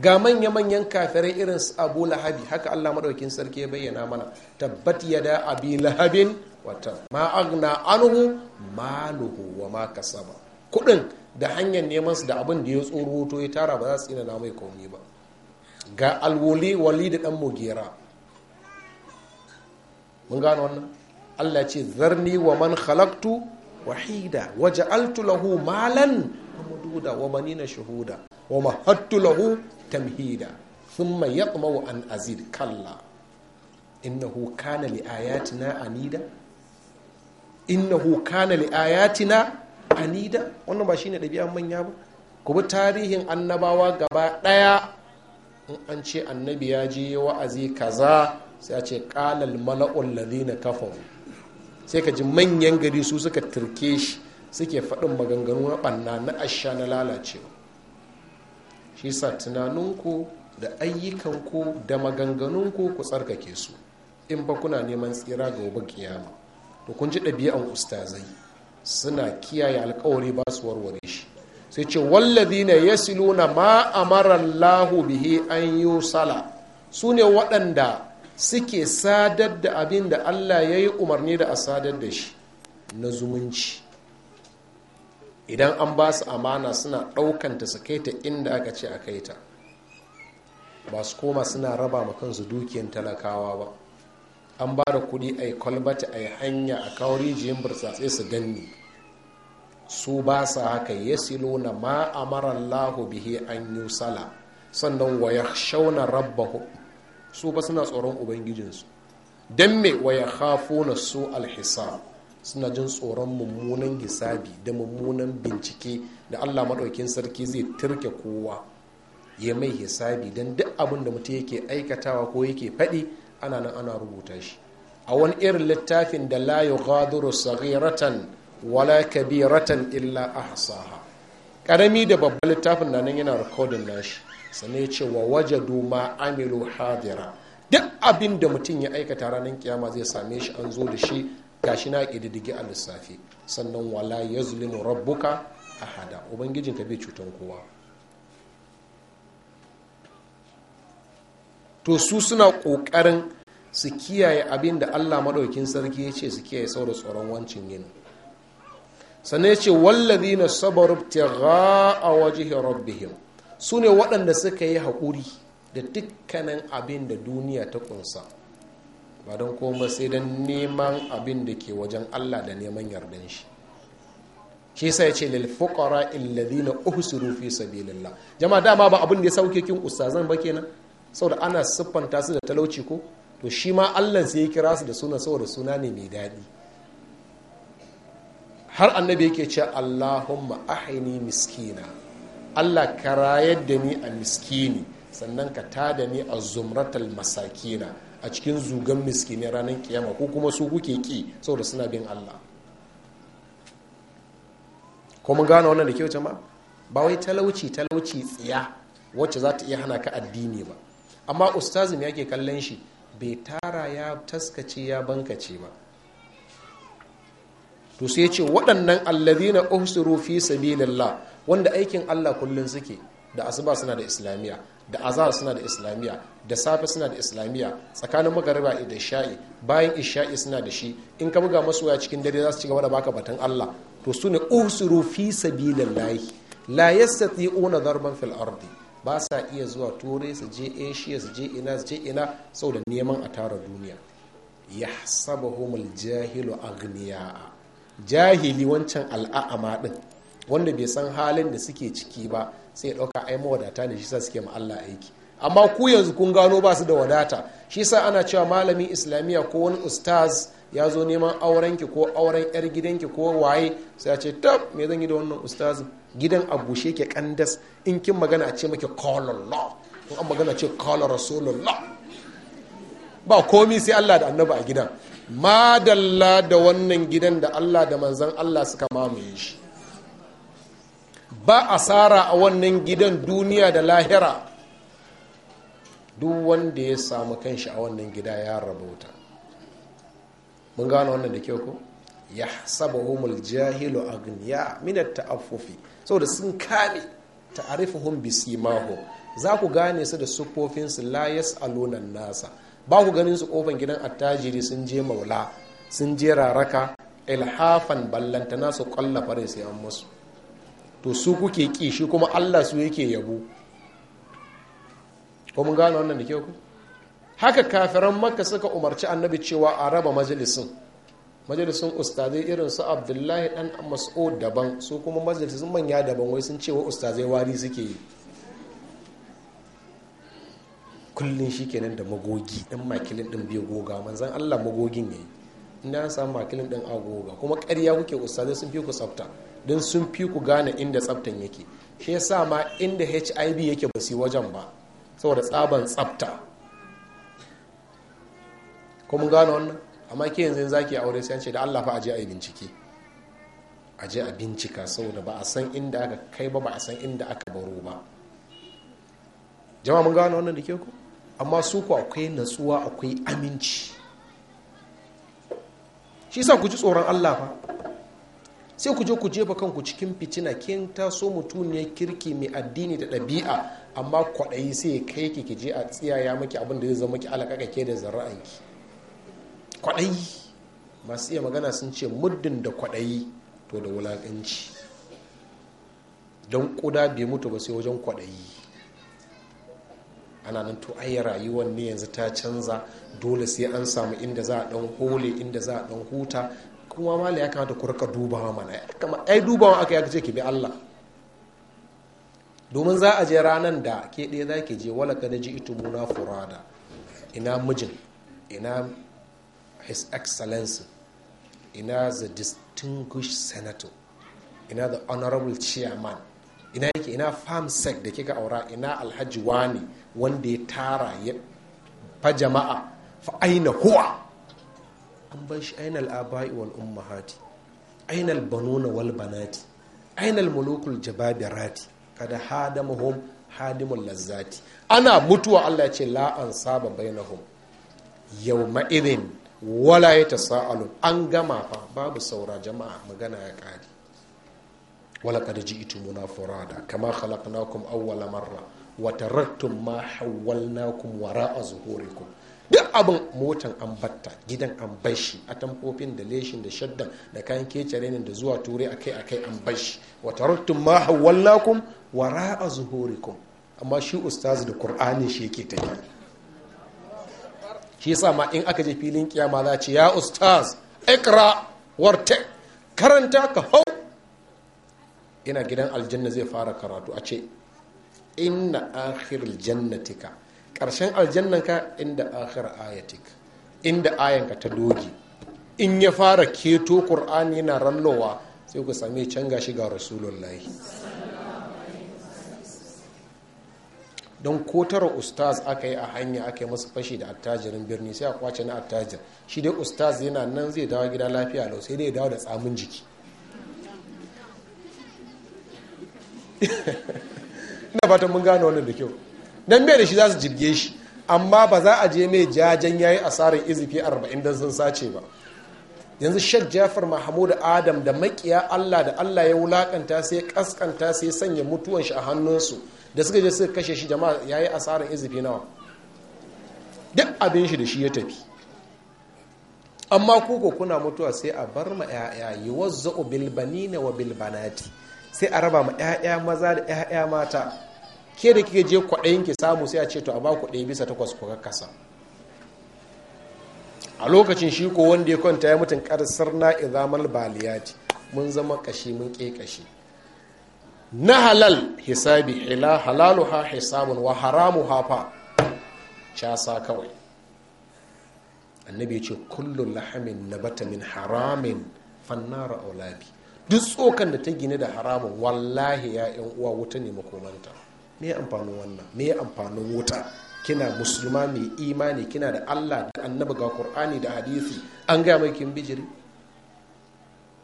ga manya-manyan kafirai irin su abu lahabi haka allah maɗaukin sarki ya bayyana mana tabbat ya da abi lahabin wata ma'agna anuhu maluhu wa ma kasaba kuɗin da hanyar neman su da abin da ya tsoro ya tara ba za su na mai komi ba ga alwali wali da dan mugera mun gano wannan Allah ce zarni wa man khalaqtu wahida ja'altu lahu malan mamduda wa manina shuhuda wa mahattu lahu tamhida thumma yaqma'u an azid kalla innahu kana li ayatina anida innahu kana li anida wannan ba shine ɗabi'an manya ba ku bi tarihin annabawa gaba ɗaya in an ce annabi ya je wa'azi kaza sai a ce ƙalal mala'ul ladina kafaru sai ka ji manyan gari su suka turke shi suke faɗin maganganu na ɓanna na asha na lalacewa shi sa tunaninku da ayyukanku da maganganunku ku tsarkake su in ba kuna neman tsira ga gobe kiyama to kun ji ɗabi'an ustazai suna kiyaye alkawari ba su warware shi sai ce ya siluna ma amara lahu bihi an sala su ne waɗanda suke sadar da abin da Allah ya yi umarni da a sadar da shi na zumunci idan an ba su amana suna ɗaukanta su kai inda aka ce a kai ta ba su koma suna raba ma kansu dukiyan talakawa ba an ba da kudi a yi kwalbata a yi hanya a kawo rijiyar burtsatse su ganni su ba sa haka ya silo na ma lahu bihe an yi sala sannan waya shauna shauna rabbahu su ba suna tsoron ubangijinsu don me waya hafo na su alhisab suna jin tsoron mummunan hisabi da mummunan bincike da allah maɗaukin sarki zai turke kowa ya mai hisabi don duk abin da mutum yake aikatawa ko yake faɗi ana nan ana rubuta shi a wani irin littafin da la gaduru saghiratan wala kabiratan illa ahsaha karami da babban littafin na nan yana rikodin nashi sannan ya ce wa waje ma amilu hadira duk abin da mutum ya aikata ranar kiyama zai same shi an zo da shi ga shi na ƙididdigi a lissafi sannan wala ya zulimu rabbuka ahada ubangijinka bai cutan kowa to su suna ƙoƙarin su kiyaye abin da allah maɗaukin sarki ya ce su kiyaye sau da tsoron wancin yin sannan ya ce wallazi na sabaru tira a wajihin rabbihim su ne waɗanda suka yi haƙuri da dukkanin abin da duniya ta ƙunsa ba don koma sai don neman abin da ke wajen allah da neman yardan shi shi sai ce lil fuqara illazina uhsiru fi sabilillah jama'a dama ba abin da ya sauke kin ustazan ba kenan saboda ana siffanta su da talauci ko to shi ma allah sai ya kira su da suna saboda suna ne mai daɗi har annabi yake ce allahumma ahini miskina allah ka rayar ni a miskini sannan ka tada ni a zumratal masakina a cikin zugan miskini ranar kiyama ko kuma su kuke ki saboda suna bin allah ko mun gane wannan da kyau ba wai talauci talauci tsaya, wacce za ta iya hana ka addini ba amma ustazim ya ke kallon shi bai tara ya taskace ya bankace ba to sai ce waɗannan allazina uhsiru fi sabilillah wanda aikin Allah kullum suke da asuba suna da islamiyya, da azhar suna da islamiyya, da safe suna da islamiyya, tsakanin magariba da sha'i bayan isha'i suna da shi in ka buga masu waya cikin dare za su ci gaba da baka batun Allah to su ne uhsiru fi sabilillah la yastati'una darban fil ardi ba sa iya zuwa turai su je asia su je ina su je ina saboda neman a tara duniya ya saba jahilu agniya. jahili wancan al'a'ama din wanda bai san halin da suke ciki ba sai ya ɗauka ai mawadata ne shi sa suke ma Allah aiki amma ku yanzu kun gano ba su da wadata shi sa ana cewa malamin islamiyya ko wani ustaz ya zo neman aurenki ko auren yar gidanki ko waye sai ya ce tab me zan yi da wannan ustazin gidan a bushe ke kandas in kin magana a ce maki kolallah in an magana ce kolar rasulullah ba komi sai Allah da annaba a gidan madalla da wannan gidan da Allah da manzan Allah suka mamaye shi ba asara a wannan gidan duniya da lahira duk wanda ya samu kanshi a wannan gida ya rabauta mun gano wannan da kyau ko ya saba humul jahilu agniya minar ta'affufi Sau da sun kame ta'arifuhum bisi maho za ku gane su da siffofin su la yas'alunan nasa ba ku ganin su kofin gidan attajiri sun je maula sun je raraka ilhafan ballanta su kwalla fare sai an musu to su kuke ki kuma Allah su yake yabo ko mun gane wannan da kyau ku haka kafiran makka suka umarci annabi cewa a raba majalisin majalisun ustazai irin su abdullahi dan mas'ud daban su kuma majalisun manya daban wai sun ce wa ustazai wari suke yi kullum shi kenan da magogi dan makilin din bai goga manzan allah magogin ya yi ina an samu makilin din goga kuma karya kuke ustazai sun fi ku tsafta don sun fi ku gane inda tsaftan yake shi sa ma inda hiv yake ba su wajen ba saboda tsaban tsafta mun gane wannan amma ke yanzu za ki aure sai an ce da Allah fa aje a yi bincike aje a bincika saboda ba a san inda aka kai ba ba a san inda aka baro ba jama'a mun gano wannan da ke ku amma su ku akwai natsuwa akwai aminci shi sa ku ji tsoron Allah fa sai ku je ku jefa kanku cikin fitina kin taso mutuniyar kirki mai addini da ɗabi'a amma kwaɗayi sai kai ki ki je a tsiyaya maki abin da zai zama ki alaƙaƙa ke da zarra'anki. kwaɗayi masu iya magana sun ce muddin da kwaɗayi to da wulaƙanci don ƙuda bai mutu ba sai wajen kwaɗayi ana nan to ai rayuwar ne yanzu ta canza dole sai an samu inda za a ɗan hole inda za a ɗan huta kuma mala ya kamata ku rika dubawa mana ai dubawa aka yaka ce ki bi Allah domin za a je ranar da ke ɗaya za ke je wala kada ji ita muna furada ina mijin ina His Excellency, ina the distinguished senator, ina the honorable chairman, ina yake ina farm sec da kika aura ina alhaji wani wanda ya tara ya fa jama'a fa aina huwa an bar shi aina al'aba'i wal ummahati aina al-banuna wal banati aina al-mulukul jababirati kada hadamuhum hadimul lazzati ana mutuwa Allah ya ce la an saba bainahum yawma idin wala ya ta sa'alu an gama fa babu saura jama'a magana ya kadi wala ji ji'tu muna furada kama kum awwala marra wa taraktum ma wara wara'a zuhurikum duk abin motan an batta gidan an bashi a tamfofin da leshin da shaddan da kayan kecere ne da zuwa turai akai akai an bashi wa taraktum ma wara wara'a zuhurikum amma shi ustaz da qur'ani shi yake tafiya shi yasa ma in aka je filin kiyama za a ce ya ustaz ikra warta karanta ka hau ina gidan aljanna zai fara karatu a ce inna akhirul jannatika karshen aljannanka inda akhir ayatik inda ayanka ta doge in ya fara keto kur'ani yana rallowa sai ku same can gashi ga rasulullahi don ko ustaz aka yi a hanya aka yi masu fashi da attajirin birni sai a kwace na attajir shi dai ustaz yana nan zai dawo gida lafiya lau sai dai dawo da tsamin jiki ina fatan mun gane wannan da kyau dan bai da shi za su jirge shi amma ba za a je mai jajen yayi asarar izifi arba'in dan sun sace ba yanzu shek jafar mahmud adam da makiya allah da allah ya wulakanta sai kaskanta sai sanya mutuwan shi a hannunsu da suka je suka kashe shi jama'a ya yi asarar izifi nawa duk abin shi da shi ya tafi amma kuko kuna mutuwa sai a bar ma 'ya'ya yi bilbani na wa bilbanati sai a raba ma 'ya'ya maza da 'ya'ya mata ke da kika je kwaɗayin ki samu sai a ce to a ba ku ɗaya bisa takwas ku kasa a lokacin shi ko wanda ya kwanta ya mutun karsar na baliyati mun zama kashi mun ƙe kashi na halal hisabi ila halaluha hisabun wa haramu hafa casa kawai annabi ya ce kullum lahamin nabata min haramin fannara aulabi duk tsokan da ta gine da haramun wallahi ya yan uwa wuta ne makomanta me amfanin wannan me amfanin wuta kina musulma mai imani kina da allah da annabi ga qur'ani da hadisi an gaya maki kin bijiri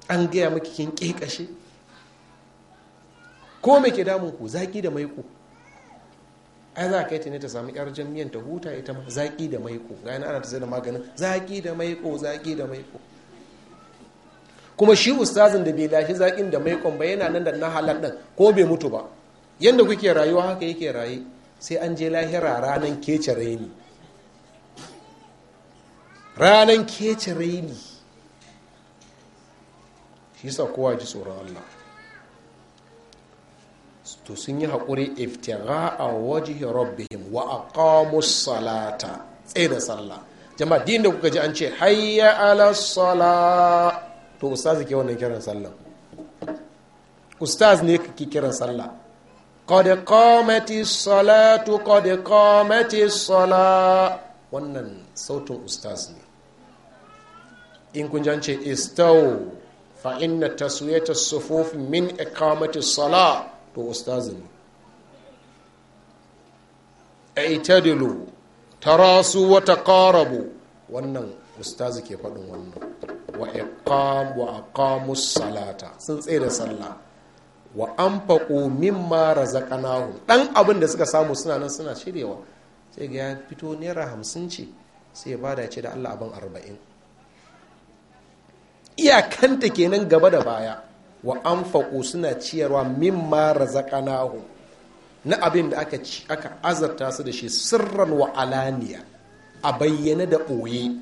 an gaya maki kin kashe. ko me ke damun ku zaki da maiko ai za ka yi ne ta samu yar jamiyan ta huta ita ma zaki da maiko ga yana ana ta zai da maganin zaki da maiko zaki da maiko kuma shi ustazin da bai lashi zakin da maikon ba yana nan da na halar ko bai mutu ba yadda kuke rayuwa haka yake raye sai an je lahira ranan kece raini ranan kece raini shi sa kowa ji tsoron Allah to sun yi haƙuri a waje rabbihim wa aqamus salata tsaye da sallah jama'a din da kuka ji an ce hayya ala sala to ustaz ke wannan kiran sallah ustaz ne kake kiran sallah qad qamati salatu qad qamati sala wannan sautin ustaz ne in kun ji an ce istau fa inna taswiyata sufuf min iqamati sala to ustazi ne ta tarasu wata taqarabu wannan ustazi ke faɗin wannan wa iqam wa salata sun tsaye da sallah wa anfaqu mimma razaqnahum dan abin da suka samu suna nan suna shirewa sai ga ya fito naira hamsin ce sai bada ce da Allah abin arba'in iyakanta kenan gaba da baya wa anfaqu suna ciyarwa mimma razaqnahum na abin da aka aka azarta su da shi sirran wa alaniya a bayyana da ɓoye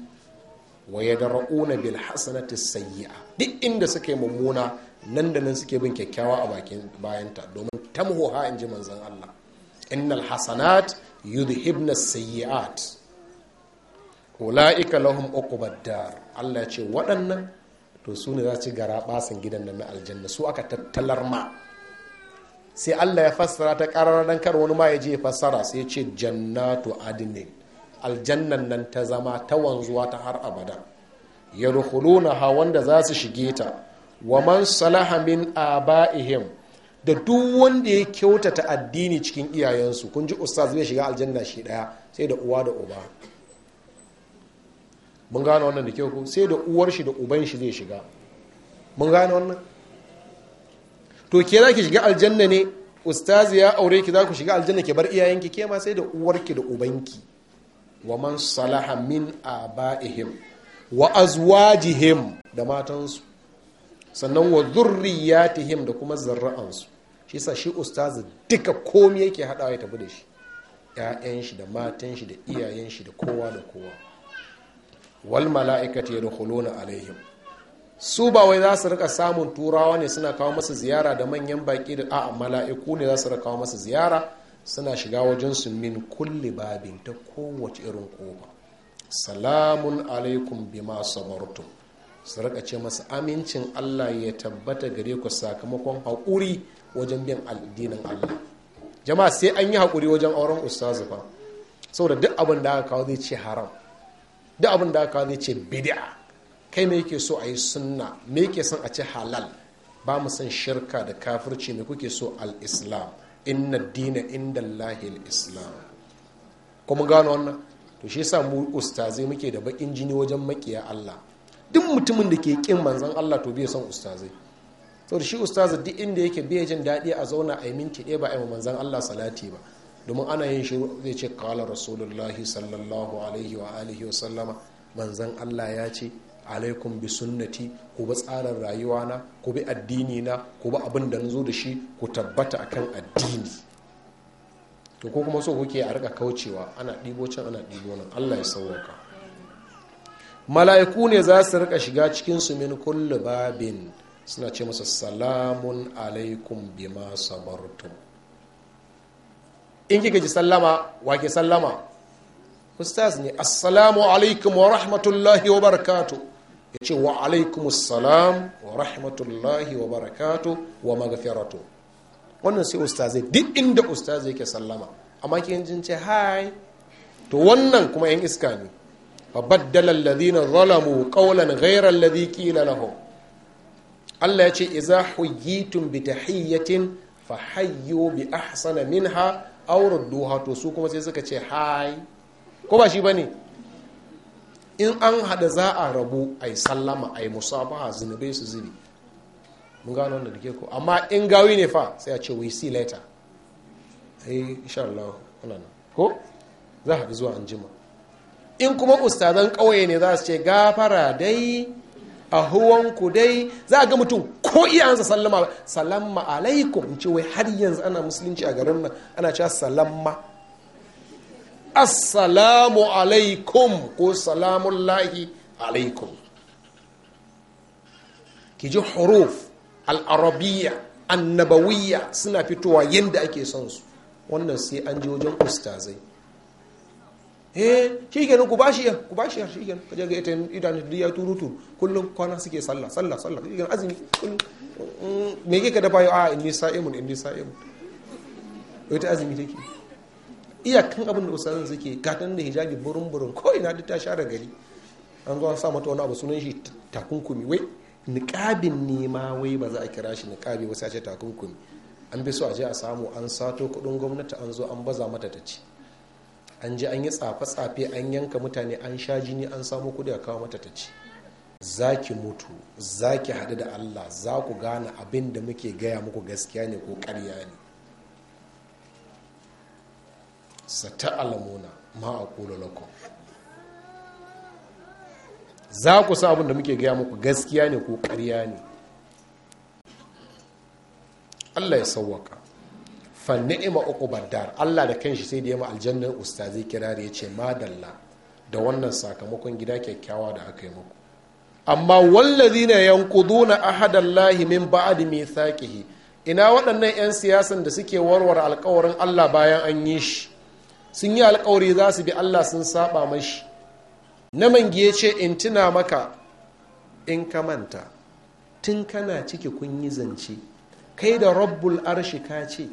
wa yadra'una bil hasanati sayyi'a duk inda suka yi mummuna nan da nan suke bin kyakkyawa a bakin bayanta domin tamhuha in ji manzon Allah innal hasanat yudhibna sayyi'at ula'ika lahum uqubad dar Allah ce waɗannan to su ne za su gara basin gidan nan na aljanna su aka tattalar ma sai allah ya fassara ta karar dan kar wani ma ya je fassara sai ce jannatu adinin aljannan nan ta zama ta wanzuwa ta har abada yadkhuluna ha wanda za su shige ta wa man salaha min abaihim da duk wanda ya kyautata addini cikin iyayensu kun ji ustaz zai shiga aljanna shi daya sai da uwa da uba mun gane wannan da kyau sai da uwar shi da uban shi zai shiga mun gane wannan to ke za ki shiga aljanna ne ustazi ya aure ki za ku shiga aljanna ki bar iyayenki ke ma sai da uwarki da ubanki wa man salaha min abaihim wa azwajihim da matansu sannan wa zurriyatihim da kuma zarra'ansu shi sa shi ustazi duka komai yake hadawa ya tafi da shi 'ya'yan shi da matan shi da iyayen shi da kowa da kowa wal mala'ikati yadkhuluna alaihim su ba wai za su rika samun turawa ne suna kawo masa ziyara da manyan baki da a'a mala'iku ne za su rika kawo masu ziyara suna shiga wajen su min kulli babin ta kowace irin kofa salamun alaikum bima sabartum su rika ce masa amincin Allah ya tabbata gare ku sakamakon haƙuri wajen bin addinin Allah jama'a sai an yi haƙuri wajen auren ustazu fa saboda duk abin da aka kawo zai ce haram duk abin da aka ce bidia kai me yake so a yi sunna me yake son a ce halal ba mu san shirka da kafirci me kuke so al-islam inna dina inda lahil islam kuma gano wannan to shi yasa mu ustazai muke da bakin jini wajen makiya Allah duk mutumin da ke kin manzon Allah to bai son ustazai da shi ustazai duk inda yake bai jin daɗi a zauna a yi minti ɗaya ba a yi manzon Allah salati ba domin ana yin shiru zai ce kala rasulullahi sallallahu alaihi wa alihi wa sallama manzan allah ya ce alaikum bi sunnati ku bi tsarin rayuwa na ku bi addini na ku bi abin da zo da shi ku tabbata akan addini to ko kuma so kuke a rika kaucewa ana ɗibo can ana ɗibo nan allah ya sauwaka mala'iku ne za su rika shiga cikin su min kullu babin suna ce masa salamun alaikum bima sabartum in kika ji sallama wa ke sallama ustaz ne assalamu alaikum wa rahmatullahi wa barakatu ya ce wa alaikum assalam wa rahmatullahi wa barakatu wa magafiratu wannan sai ustazai duk inda ustaz ke sallama amma kin jin ce hi to wannan kuma yan iska ne fa baddala alladhina zalamu qawlan ghayra alladhi qila lahum Allah ya ce idza huyitum bi tahiyyatin fa hayyu bi ahsana minha auren duha to su kuma sai suka ce hai ko ba shi ba ne in an hada za a rabu a yi sallama a yi musabaha zinube su zini. mun gano wanda da ke ko amma in gawi ne fa sai a ce we see later ai eh, insha Allah wannan ko za a bi zuwa anjima in kuma ustazan ƙauye ne za su ce gafara dai a huwanku dai za a ga mutum ko iyayensa sallama salamma alaikum in ce wai har yanzu ana musulunci a garin nan ana cewa salamma assalamu alaikum ko salamun lahi alaikum ki ji huruf al'arabiya annabawiya suna fitowa yadda ake son su wannan sai an ji wajen ustazai eh shi kenan ku bashi ya ku bashi ya shi kenan kaje ga ita idanun ya turutu kullum kwana suke sallah sallah sallah shi kenan azumi mm, me yake ka dafa yau a ah, inni sa'imun inni sa'imun ita azumi take iyakan abin da usanin suke gatan da hijabi burin burin ko ina duk ta share gari an zo an sa mata wani abu sunan shi takunkumi wai niƙabin nema wai ba za a kira shi niƙabi wasu ya ce takunkumi an bi so a je a samu an sato kuɗin gwamnati an zo an baza mata ta ci an ji an yi tsafe-tsafe an yanka mutane an sha jini an samu kudi a kawo mata ta ci za ki mutu za ki haɗu da allah za ku gane abin da muke gaya muku gaskiya ne ko ƙarya ne sata alamuna ma a lakum za ku sa abin da muke gaya muku gaskiya ne ko ƙarya ne allah ya sauwaka fa ni'ima uku baddar. Allah da kanshi sai da yamma aljannar ustazi kirari yace madalla da wannan sakamakon gida kyakkyawa da aka yi muku amma a yanquduna ahadallahi min ba'di mithaqihi ina waɗannan 'yan siyasan da suke warware alkawarin Allah bayan an yi shi sun yi alkawari za su bi Allah sun saba mashi na mangiye ce in tuna maka in ka manta tun kana ciki kun yi zance kai da rabbul arshi ka ce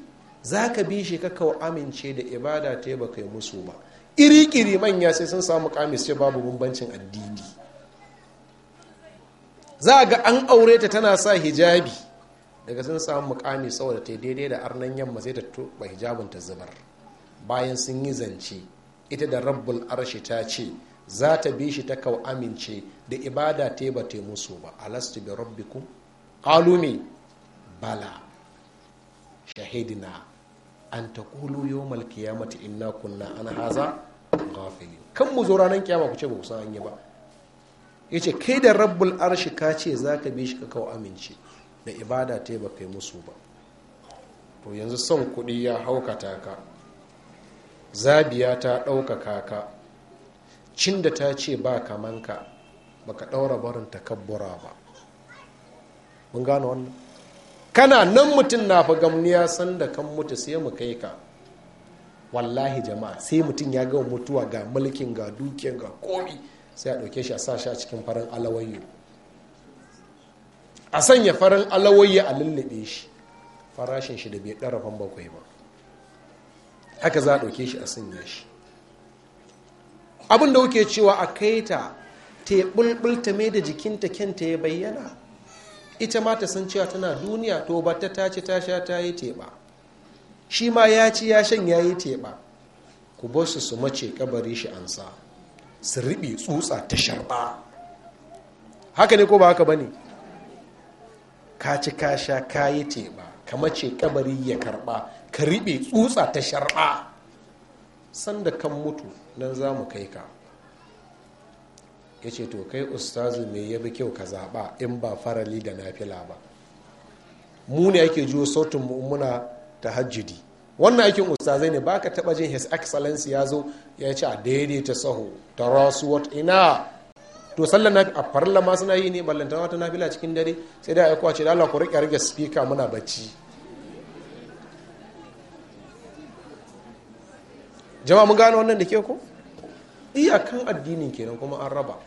za ka bi shi ka kawo amince da ibada ta yi baka yi musu ba iri-kiri manya sai sun samu kamis ce babu bambancin addini za ga an aure ta tana sa hijabi daga sun samu mukami saboda ta daidai da arnan yamma zai ta tuba hijabin ta zubar bayan sun yi zance ita da rabbul arshi ta ce za ta bi shi ta kawo amince da ibada ta ba ta musu ba alastu bi rabbikum kalumi. bala shahidina an ta kulu yau mata inna kunna an haza gafili kan mu zo ranar kiyama ku ce ba ku san ba ya ce kai da rabbul arshi ka ce za ka bi shi ka kawo amince da ibada ta ba kai musu ba to yanzu son kuɗi ya haukata ka zabiya ta ɗaukaka ka cin da ta ce ba kamanka baka ɗaura barin takabbura ba mun gane wannan kana nan mutum na fagamniya san da kan mutu sai mu kai ka wallahi jama'a sai mutum ya gama mutuwa ga mulkin ga dukiyar ga komi sai a ɗauke shi a sa shi cikin farin alawayyo a sanya farin alawayyo a lullube shi farashin shi da bai ɗarafan bakwai ba haka za a ɗauke shi a sanya shi abin da kuke cewa a kai ta ta bulbulta mai da jikinta kyanta ya bayyana ita ma ta san cewa tana duniya to ba ta tace ta sha ta yi teɓa shi ma ya ci ya shan ya yi teɓa ku bar su su mace kabari shi ansa su riɓe tsutsa ta sharɓa haka ne ko ba haka ba ne ka ci ka sha ka yi teɓa ka mace kabari ya karɓa ka riɓe tsutsa ta sharɓa sanda kan mutu nan za mu kai ka ya ce to kai ustazu me ya bi kyau ka zaɓa in ba farali da nafila ba mu ne ake jiwo sautin mu ta hajjidi wannan aikin ustazai ne baka taba jin his excellence ya zo ya ce a daidaita saho ta wata ina to sallar na a farla ma suna yi ne ballantana wata nafila cikin dare sai da aikowa ce da ku rike rike speaker muna bacci jama mun gano wannan da ke ko iyakan addinin kenan kuma an raba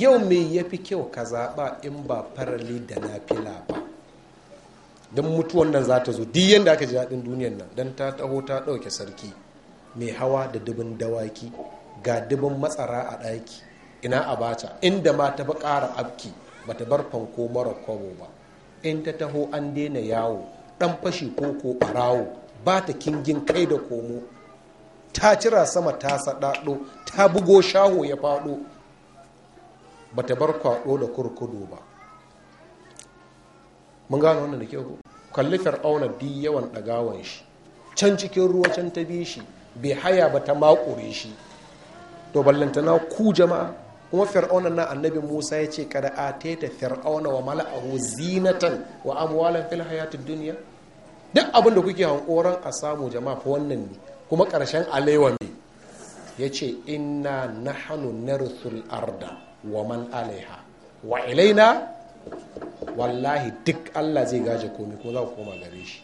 yau me ya fi kyau ka zaɓa in ba farali da nafila ba don mutuwan nan za ta zo duk yadda aka ji daɗin duniyar nan don ta taho ta ɗauke sarki mai hawa da dubin dawaki ga dubin matsara a ɗaki ina a abaca inda ma ta ƙara abki ba ta bar fanko mara kwabo ba in ta taho an daina yawo ɗan fashi ko ko ɓarawo ba ta kingin kai da komo ta cira sama ta saɗaɗo ta bugo shaho ya faɗo ba ta bar kwaɗo da kurkudu ba mun gano wannan da ke ku kalli fir'auna di yawan ɗagawan shi can cikin ruwa can ta bi shi bai haya ba ta makure shi to ballantana ku jama'a kuma fir'auna na annabi musa ya ce kada a taita fir'auna wa mala'ahu zinatan wa amwalan fil duniya duk abin da kuke hankoran a samu jama'a fa wannan ne kuma ƙarshen alewa mai ya ce inna na hannu narthul arda wa man alaiha wa ilaina wallahi duk allah zai gaje komi ko za ku koma gare shi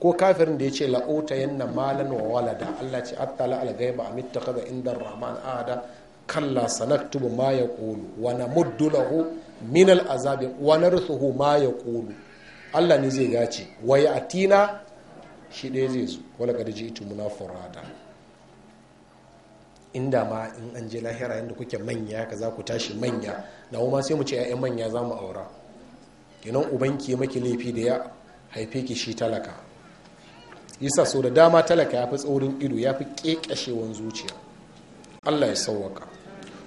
ko kafirin da ya ce la'uta yanna malan wa walada allah ce attala algaiba a kaga inda rahman ada kalla sanaktubu ma ya kulu wa na muddu lahu min wana wa hu ma ya kulu allah ne zai gace wa ya atina shi ɗaya zai zo wala kada ji ita muna furada inda ma in an je lahira yadda kuke manya ka za ku tashi manya na ma sai mu ce 'ya'yan manya za mu aura kenan uban ke maki laifi da ya haife ki shi talaka yasa so da dama talaka ya fi tsaurin ido ya fi kekashewan zuciya allah ya sauwaka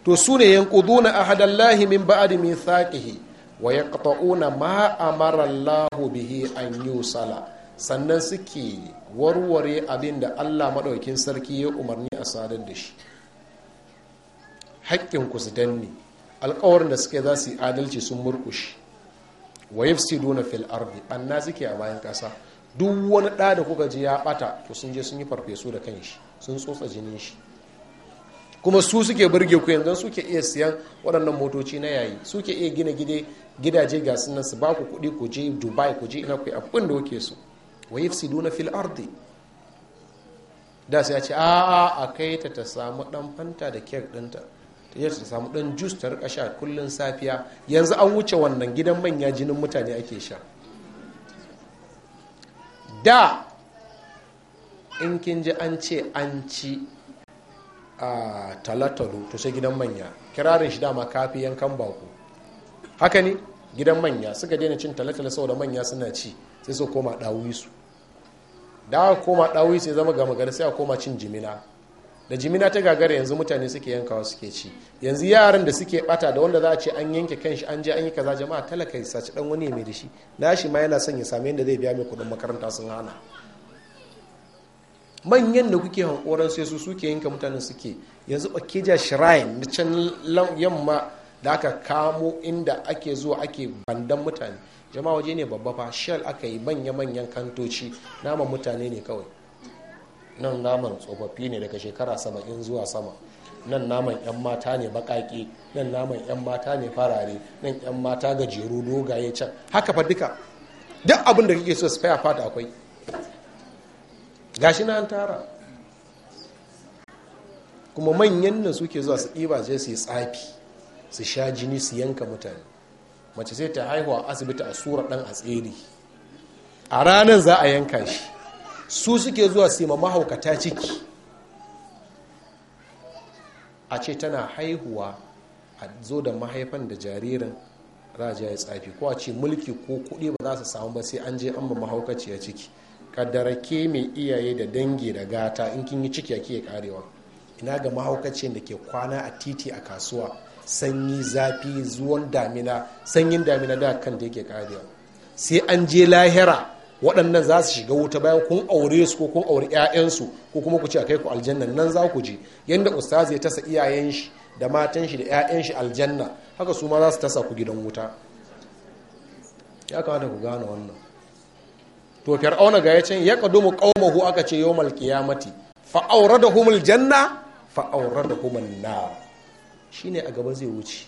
to su ne yankuduna ahadallahi min ba'di mithaqihi wa yaqta'una ma amara Allahu bihi an yusala sannan suke warware abin da allah maɗaukin sarki ya umarni a sadar da shi ku su danne alkawarin da suke za su yi adalci sun murkushe. wa dona fil arbi suke a bayan ƙasa duk wani ɗa da kuka ji ya ɓata to sun je sun yi farfesu da kanshi sun tsotsa jinin shi kuma su suke burge ku yanzu suke iya siyan waɗannan motoci na yayi suke iya gina gidaje ga sunan su ba ku kuɗi ku je dubai ku je ina ku abin da kuke so wa na fil ardi da sai ya ce a'a a kai ta ta samu dan fanta da kek dinta ta je ta samu dan jus ta rika sha kullun safiya yanzu an wuce wannan gidan manya jinin mutane ake sha da in kin ji an ce an ci a talatalu to sai gidan manya kirarin shi dama kafi yankan bako haka ne gidan manya suka daina cin sau saboda manya suna ci sai su koma dawo su da aka koma ɗawi sai zama gama gari sai a koma cin jimina da jimina ta gagara yanzu mutane suke yankawa suke ci yanzu yaran da suke bata da wanda za a ce an yanke kan shi an je an yi kaza jama'a talaka ya saci dan wani mai da shi nashi ma yana son ya same yadda zai biya mai kudin makaranta sun hana manyan da kuke hankoran sai su suke yanka mutanen suke yanzu bakeja shrine na can yamma da aka kamo inda ake zuwa ake bandan mutane jama'a waje ne babba fa shell aka yi manya-manyan kantoci naman mutane ne kawai nan naman tsofaffi ne daga shekara saba'in zuwa sama nan naman 'yan mata ne baƙaƙe nan naman 'yan mata ne farare nan 'yan mata gajeru dogaye can haka fa duka duk abin da kake so spare part akwai gashi na an tara kuma manyan nan suke zuwa su ɗiba je su yi tsafi su sha jini su yanka mutane mace sai ta haihuwa a asibiti a sura dan a tsere a ranar za a yanka shi su suke zuwa su ma mahaukata ciki a ce tana haihuwa a zo da mahaifan da jaririn raja ya tsafi ko a ce mulki ko kuɗi ba za su samu ba sai an je an mahaukaci mahaukaciya ciki kaddarake mai iyaye da dangi da gata in kin yi ciki ke karewa ina ga mahaukaciyar da ke kwana a titi a kasuwa sanyi zafi zuwan damina sanyin damina da kan da yake karewa sai an je lahira waɗannan za su shiga wuta bayan kun aure su ko kun aure 'ya'yansu ko kuma ku ce a kai ku aljanna nan za ku je yadda ustaz ya tasa iyayen shi da matan shi da 'ya'yan shi aljanna haka su ma za su tasa ku gidan wuta ya kamata ku gane wannan to fir'auna ga ya ce ya kadumu qaumahu aka ce yawmal qiyamati fa humul janna fa da humul nar shine a gaba zai wuce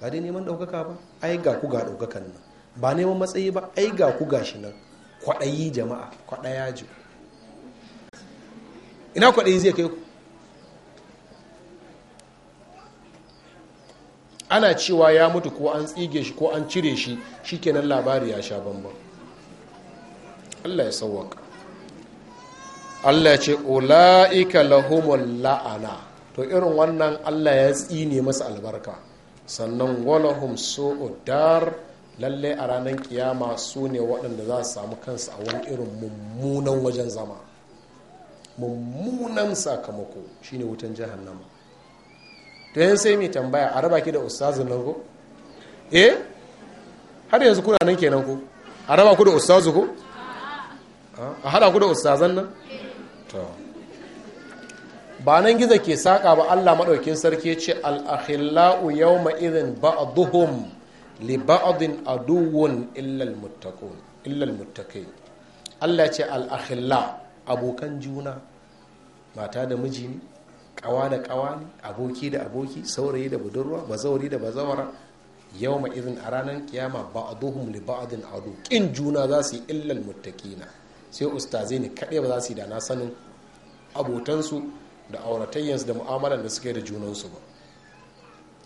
ba dai neman ɗaukaka ba ai ga ku ga ɗaukakan nan ba neman matsayi ba ai ga ku ga shi nan kwaɗayi jama'a kwaɗaya ji ina kwaɗayi zai kai ku ana cewa ya mutu ko an tsige shi ko an cire shi shi shikenan labari ya sha bambam allah ya sauwaka allah ce ula'ika lahumul la'ana to irin wannan allah ya tsine masa albarka sannan walahum su'udar lallai a ranar kiyama su ne waɗanda za su samu kansu a wani irin mummunan wajen zama mummunan sakamako shine wutan jahannama to yin sai mai tambaya a raba ki da ustazin nan ko eh har yanzu kuna nan kenan ko a raba ku da ustazu ko a hada ku da ustazan nan to ba nan gizo ke saƙa ba allah maɗaukin sarki ce al'akhila'u yau ma'irin ba'aduhum li ba'adin aduwun illal muttakai allah ce al'akhila abokan juna mata da miji ne ƙawa da ƙawa ne aboki da aboki saurayi da budurwa bazauri da bazawara yau ma'irin a ranar kiyama ba'aduhun li ba'adin adu ƙin juna za su yi illal muttakina sai ustazai ne kaɗai ba za su yi da na sanin abotansu da auratayyansu da mu'amalan da suka da junansu ba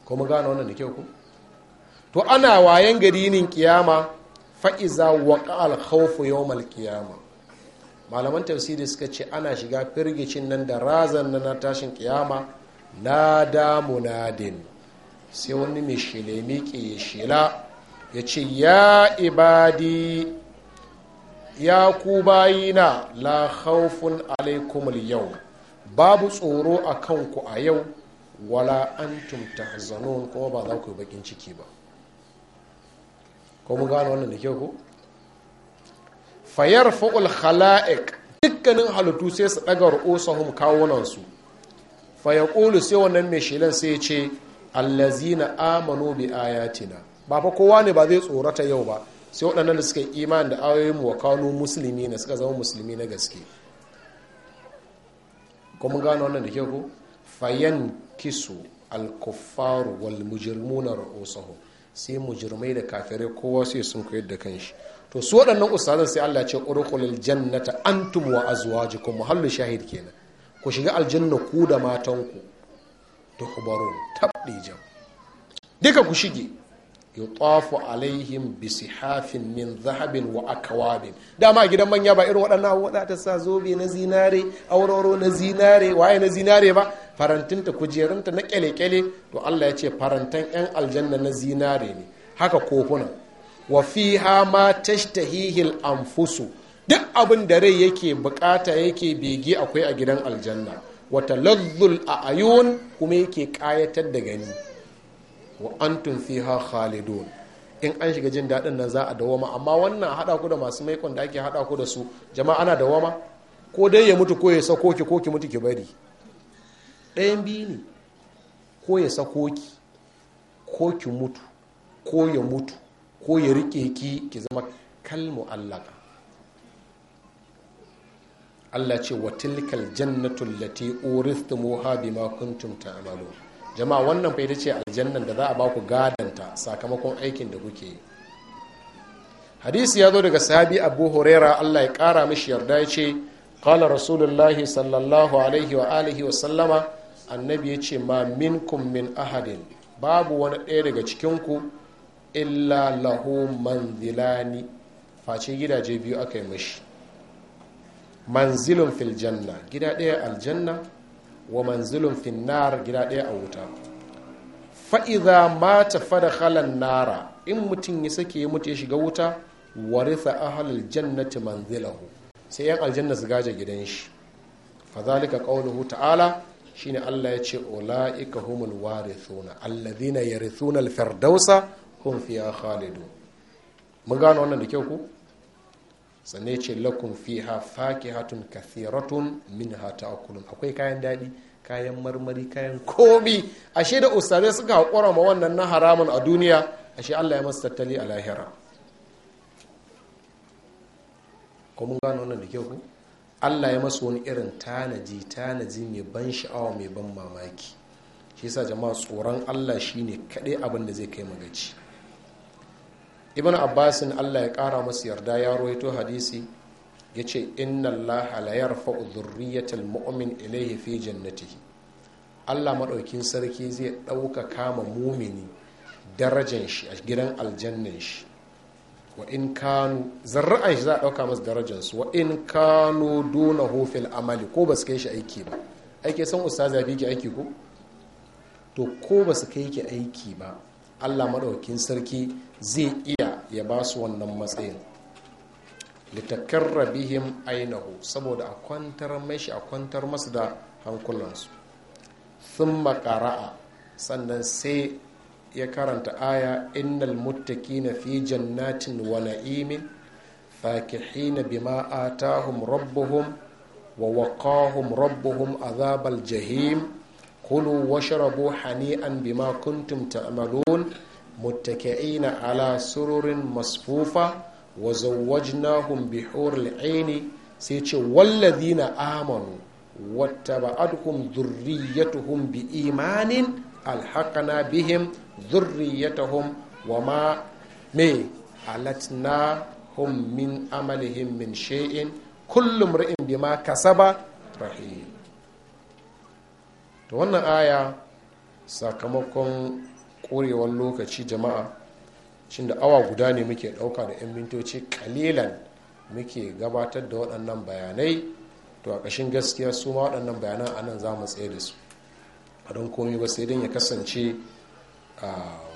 kuma gane wannan da kyau ku to ana wayan garinin kiyama fa'iza waƙa alkhawfu kiyama malaman tafsiri suka ce ana shiga firgicin nan da razan na tashin kiyama na damu nadin sai wani mai shile miƙe ya shila ya ce ya ibadi ya ku bayina la haufun alaikumul yau babu tsoro a kanku a yau wala antum tahzanun kuma ba za ku yi bakin ciki ba Kuma mun gano wannan da kyau ku. fayar fa'ul khala'iq dukkanin halittu sai su ɗaga ru'usahum kawunansu Fayar fayaqulu sai wannan mai shelan sai ce, ce allazina amanu bi ayatina ba fa kowa ne ba zai tsorata yau ba sai waɗannan da suka yi imani da ayoyin wa kanu musulmi ne suka zama musulmi na gaske kuma gano wannan da ke ku fayan kisu alkufaru wal mujirmuna ra'usahu sai mujirmai da kafirai kowa sai sun koyar da kanshi to su waɗannan ustazan sai Allah ce urqulil jannata antum wa azwajukum mahallu shahid kenan ku shiga aljanna ku da matanku da kubarun tabdijam duka ku shige yutafu alaihim bisihafin hafin min zahabin wa akwabin dama gidan manya ba irin waɗannan abubuwa ta sa zobe na zinare auroro na zinare waye na zinare ba farantinta kujerunta na kyale-kyale to Allah ya ce farantan yan aljanna na zinare ne haka kofuna wa fiha ma tashtahihil anfusu duk abin da rai yake bukata yake bege akwai a gidan aljanna wata lazzul a ayun kuma yake kayatar da gani wa antum fiha khalidun in an shiga jin daɗin nan za a dawama amma wannan haɗa ku da masu maikon da ake haɗa ku da su jama'a ana dawama ko dai ya mutu ko ya sako ki ko ki mutu ki bari ɗayan biyu ne ko ya sako ki ko ki mutu ko ya mutu ko ya riƙe ki ki zama kalmu allaka Allah ce wa tilkal jannatu allati uristumuha bima kuntum ta'malun jama'a wannan fa ita ce aljannan da za a ba ku gadanta sakamakon aikin da kuke yi hadisi ya zo daga sahabi abu huraira allah ya kara mishi yarda ya ce kala rasulullahi sallallahu alaihi wa alihi wa sallama annabi ya ce ma minkum min ahadin babu wani ɗaya daga cikinku illa lahu manzilani face gidaje biyu aka yi mashi manzilun Filjanna gida ɗaya aljanna wa manzilun finnar gida ɗaya a wuta fa'iza ta fada halan nara in mutum ya sake ya mutu ya shiga wuta warisa halar jannati manzilahu sai yan aljanna su gaje gidan shi fazalika qawluhu ta'ala shine Allah ya ce ulaika humul warithuna alladhina yarithuna al-firdausa hum fiha Khalidu. mun gano wannan da kyau ku sannan ce lakun fiha hatun kathiratun minha ta'kulun akwai kayan daɗi kayan marmari kayan komi ashe da usare suka haƙura ma wannan na haramun a duniya ashe Allah ya masu tattali a lahira ko mun gano wannan da kyau Allah ya masu wani irin tanaji tanaji mai ban sha'awa mai ban mamaki shi yasa jama'a tsoron Allah shine kaɗai abin da zai kai magaci ibn abbasin allah ya kara masu yarda ya roito hadisi ya ce inna allah la yarfa'u dhurriyatal mu'min ilaihi fi jannatihi allah maɗaukin sarki zai ɗauka kama mumini darajan shi a gidan aljannan shi wa in kanu zarra'an shi za a ɗauka masu darajansu wa in kanu duna hofil amali ko ba su kai shi aiki ba aiki san ustaz ya fi aiki ko to ko ba su kai ki aiki ba allah maɗaukin sarki zai iya ya ba su wannan matsayin litakarra rabihim ainihu saboda a kwantar mashi a kwantar masu da hankulansu sun makara'a sannan sai ya karanta aya innal na fi jannatin wa na'imin fakihina bima atahum rabbuhum wa waqahum rabbuhum azabal jahim kulu washrabu hani'an bima kuntum ta'malun muttaki'ina ala sururin masfufa wa zawwajnahum bihuril aini sai ce wallazina amanu wattaba'atuhum dhurriyyatuhum bi imanin alhaqana bihim dhurriyyatuhum wama me alatna hum min amalihim min shay'in kullu imrin bima kasaba rahim to wannan aya sakamakon korewar lokaci jama'a cin da awa guda ne muke ɗauka da 'yan mintoci kalilan muke gabatar da waɗannan bayanai to a ƙashin gaskiya su ma waɗannan bayanan a nan za mu tsaye da su a don komi ba sai don ya kasance a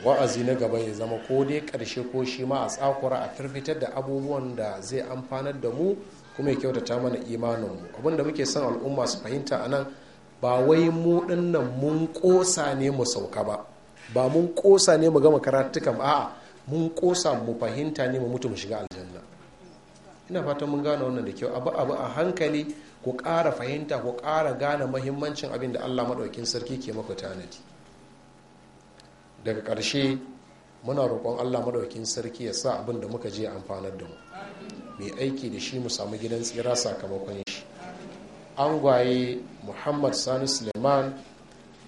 wa'azi na gaba ya zama ko dai ƙarshe ko shi ma a tsakura a firfitar da abubuwan da zai amfanar da mu kuma ya kyautata mana imaninmu abun da muke son al'umma su fahimta a nan ba wai mu dinnan mun kosa ne mu sauka ba ba mun kosa ne mu gama karatukan a'a mun kosa mu fahimta ne mu mutu mu shiga aljanna ina fatan mun gane wannan da kyau abu abu a hankali ku ƙara fahimta ku ƙara gane mahimmancin abin da Allah maɗaukin sarki ke maku tanadi daga ƙarshe muna roƙon Allah maɗaukin sarki ya sa abin da muka je amfanar da mu mai aiki da shi mu samu gidan tsira sakamakon angwaye muhammad sani suleiman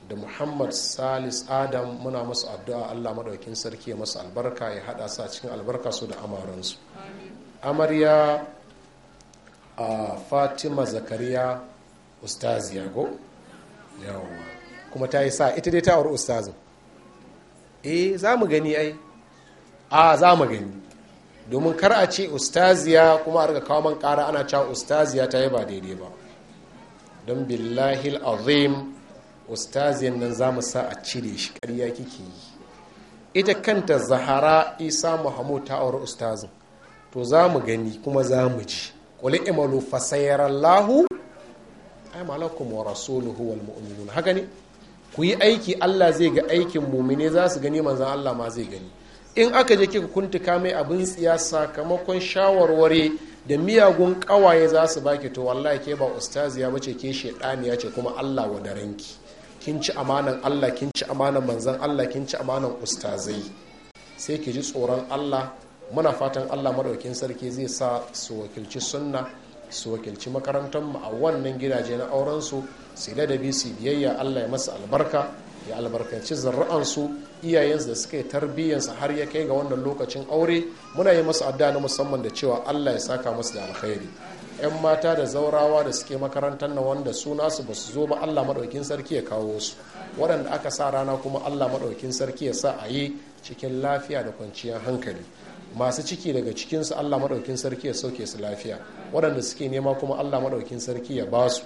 da muhammad salis adam muna masu addu'a allah madaukin sarki ya masu albarka ya hada su a cikin albarka su da amaransu amarya a fatima zakariya ustaziya go yawa kuma ta yi sa ita dai ta auri ustazin eh za mu gani ai a za mu gani domin kar a ce ustaziya kuma a riga kawo man kara ana cewa ustaziya ta yi ba daidai ba don billahi azim ustazin nan za mu sa a cire shi karya kike yi ita kanta zahara isa muhammad ta auri ustazin to za mu gani kuma za mu ji kuli imalu allahu ai malakum wa rasuluhu wal mu'minun haka ne ku yi aiki Allah zai ga aikin mumine za su gani manzan Allah ma zai gani in aka je kika kuntuka mai abin tsiya sakamakon shawarware da miyagun kawaye za su baki to wallahi ke ba ustaziya mace ke shedaniya ce kuma Allah wadaranki kin ci amanan Allah kin ci amanan manzan Allah kin ci amanan ustazai sai ki ji tsoron Allah muna fatan Allah madaukin sarki zai sa su wakilci sunna su wakilci makarantar mu a wannan gidaje na auren su su ladabi su biyayya Allah ya masa albarka ya albarkaci zarra'ansu iyayensu da suka yi tarbiyyansu har ya kai ga wannan lokacin aure muna yi masu adda na musamman da cewa allah ya saka masu da alkhairi yan mata da zaurawa da suke makarantar na wanda suna su nasu ba su zo ba allah maɗaukin sarki ya kawo su waɗanda aka sa rana kuma allah maɗaukin sarki ya sa a yi cikin lafiya da kwanciyar hankali masu ciki daga cikinsu allah maɗaukin sarki ya sauke su lafiya waɗanda suke nema kuma allah maɗaukin sarki ya ba su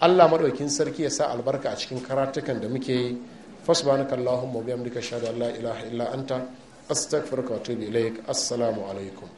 allah maɗaukin sarki ya sa albarka a cikin karatukan da muke yi fasbanaka allahumma biyamdika shahadu an la ilaha illa anta astaghfiruka wa atubu ilaik assalamu alaikum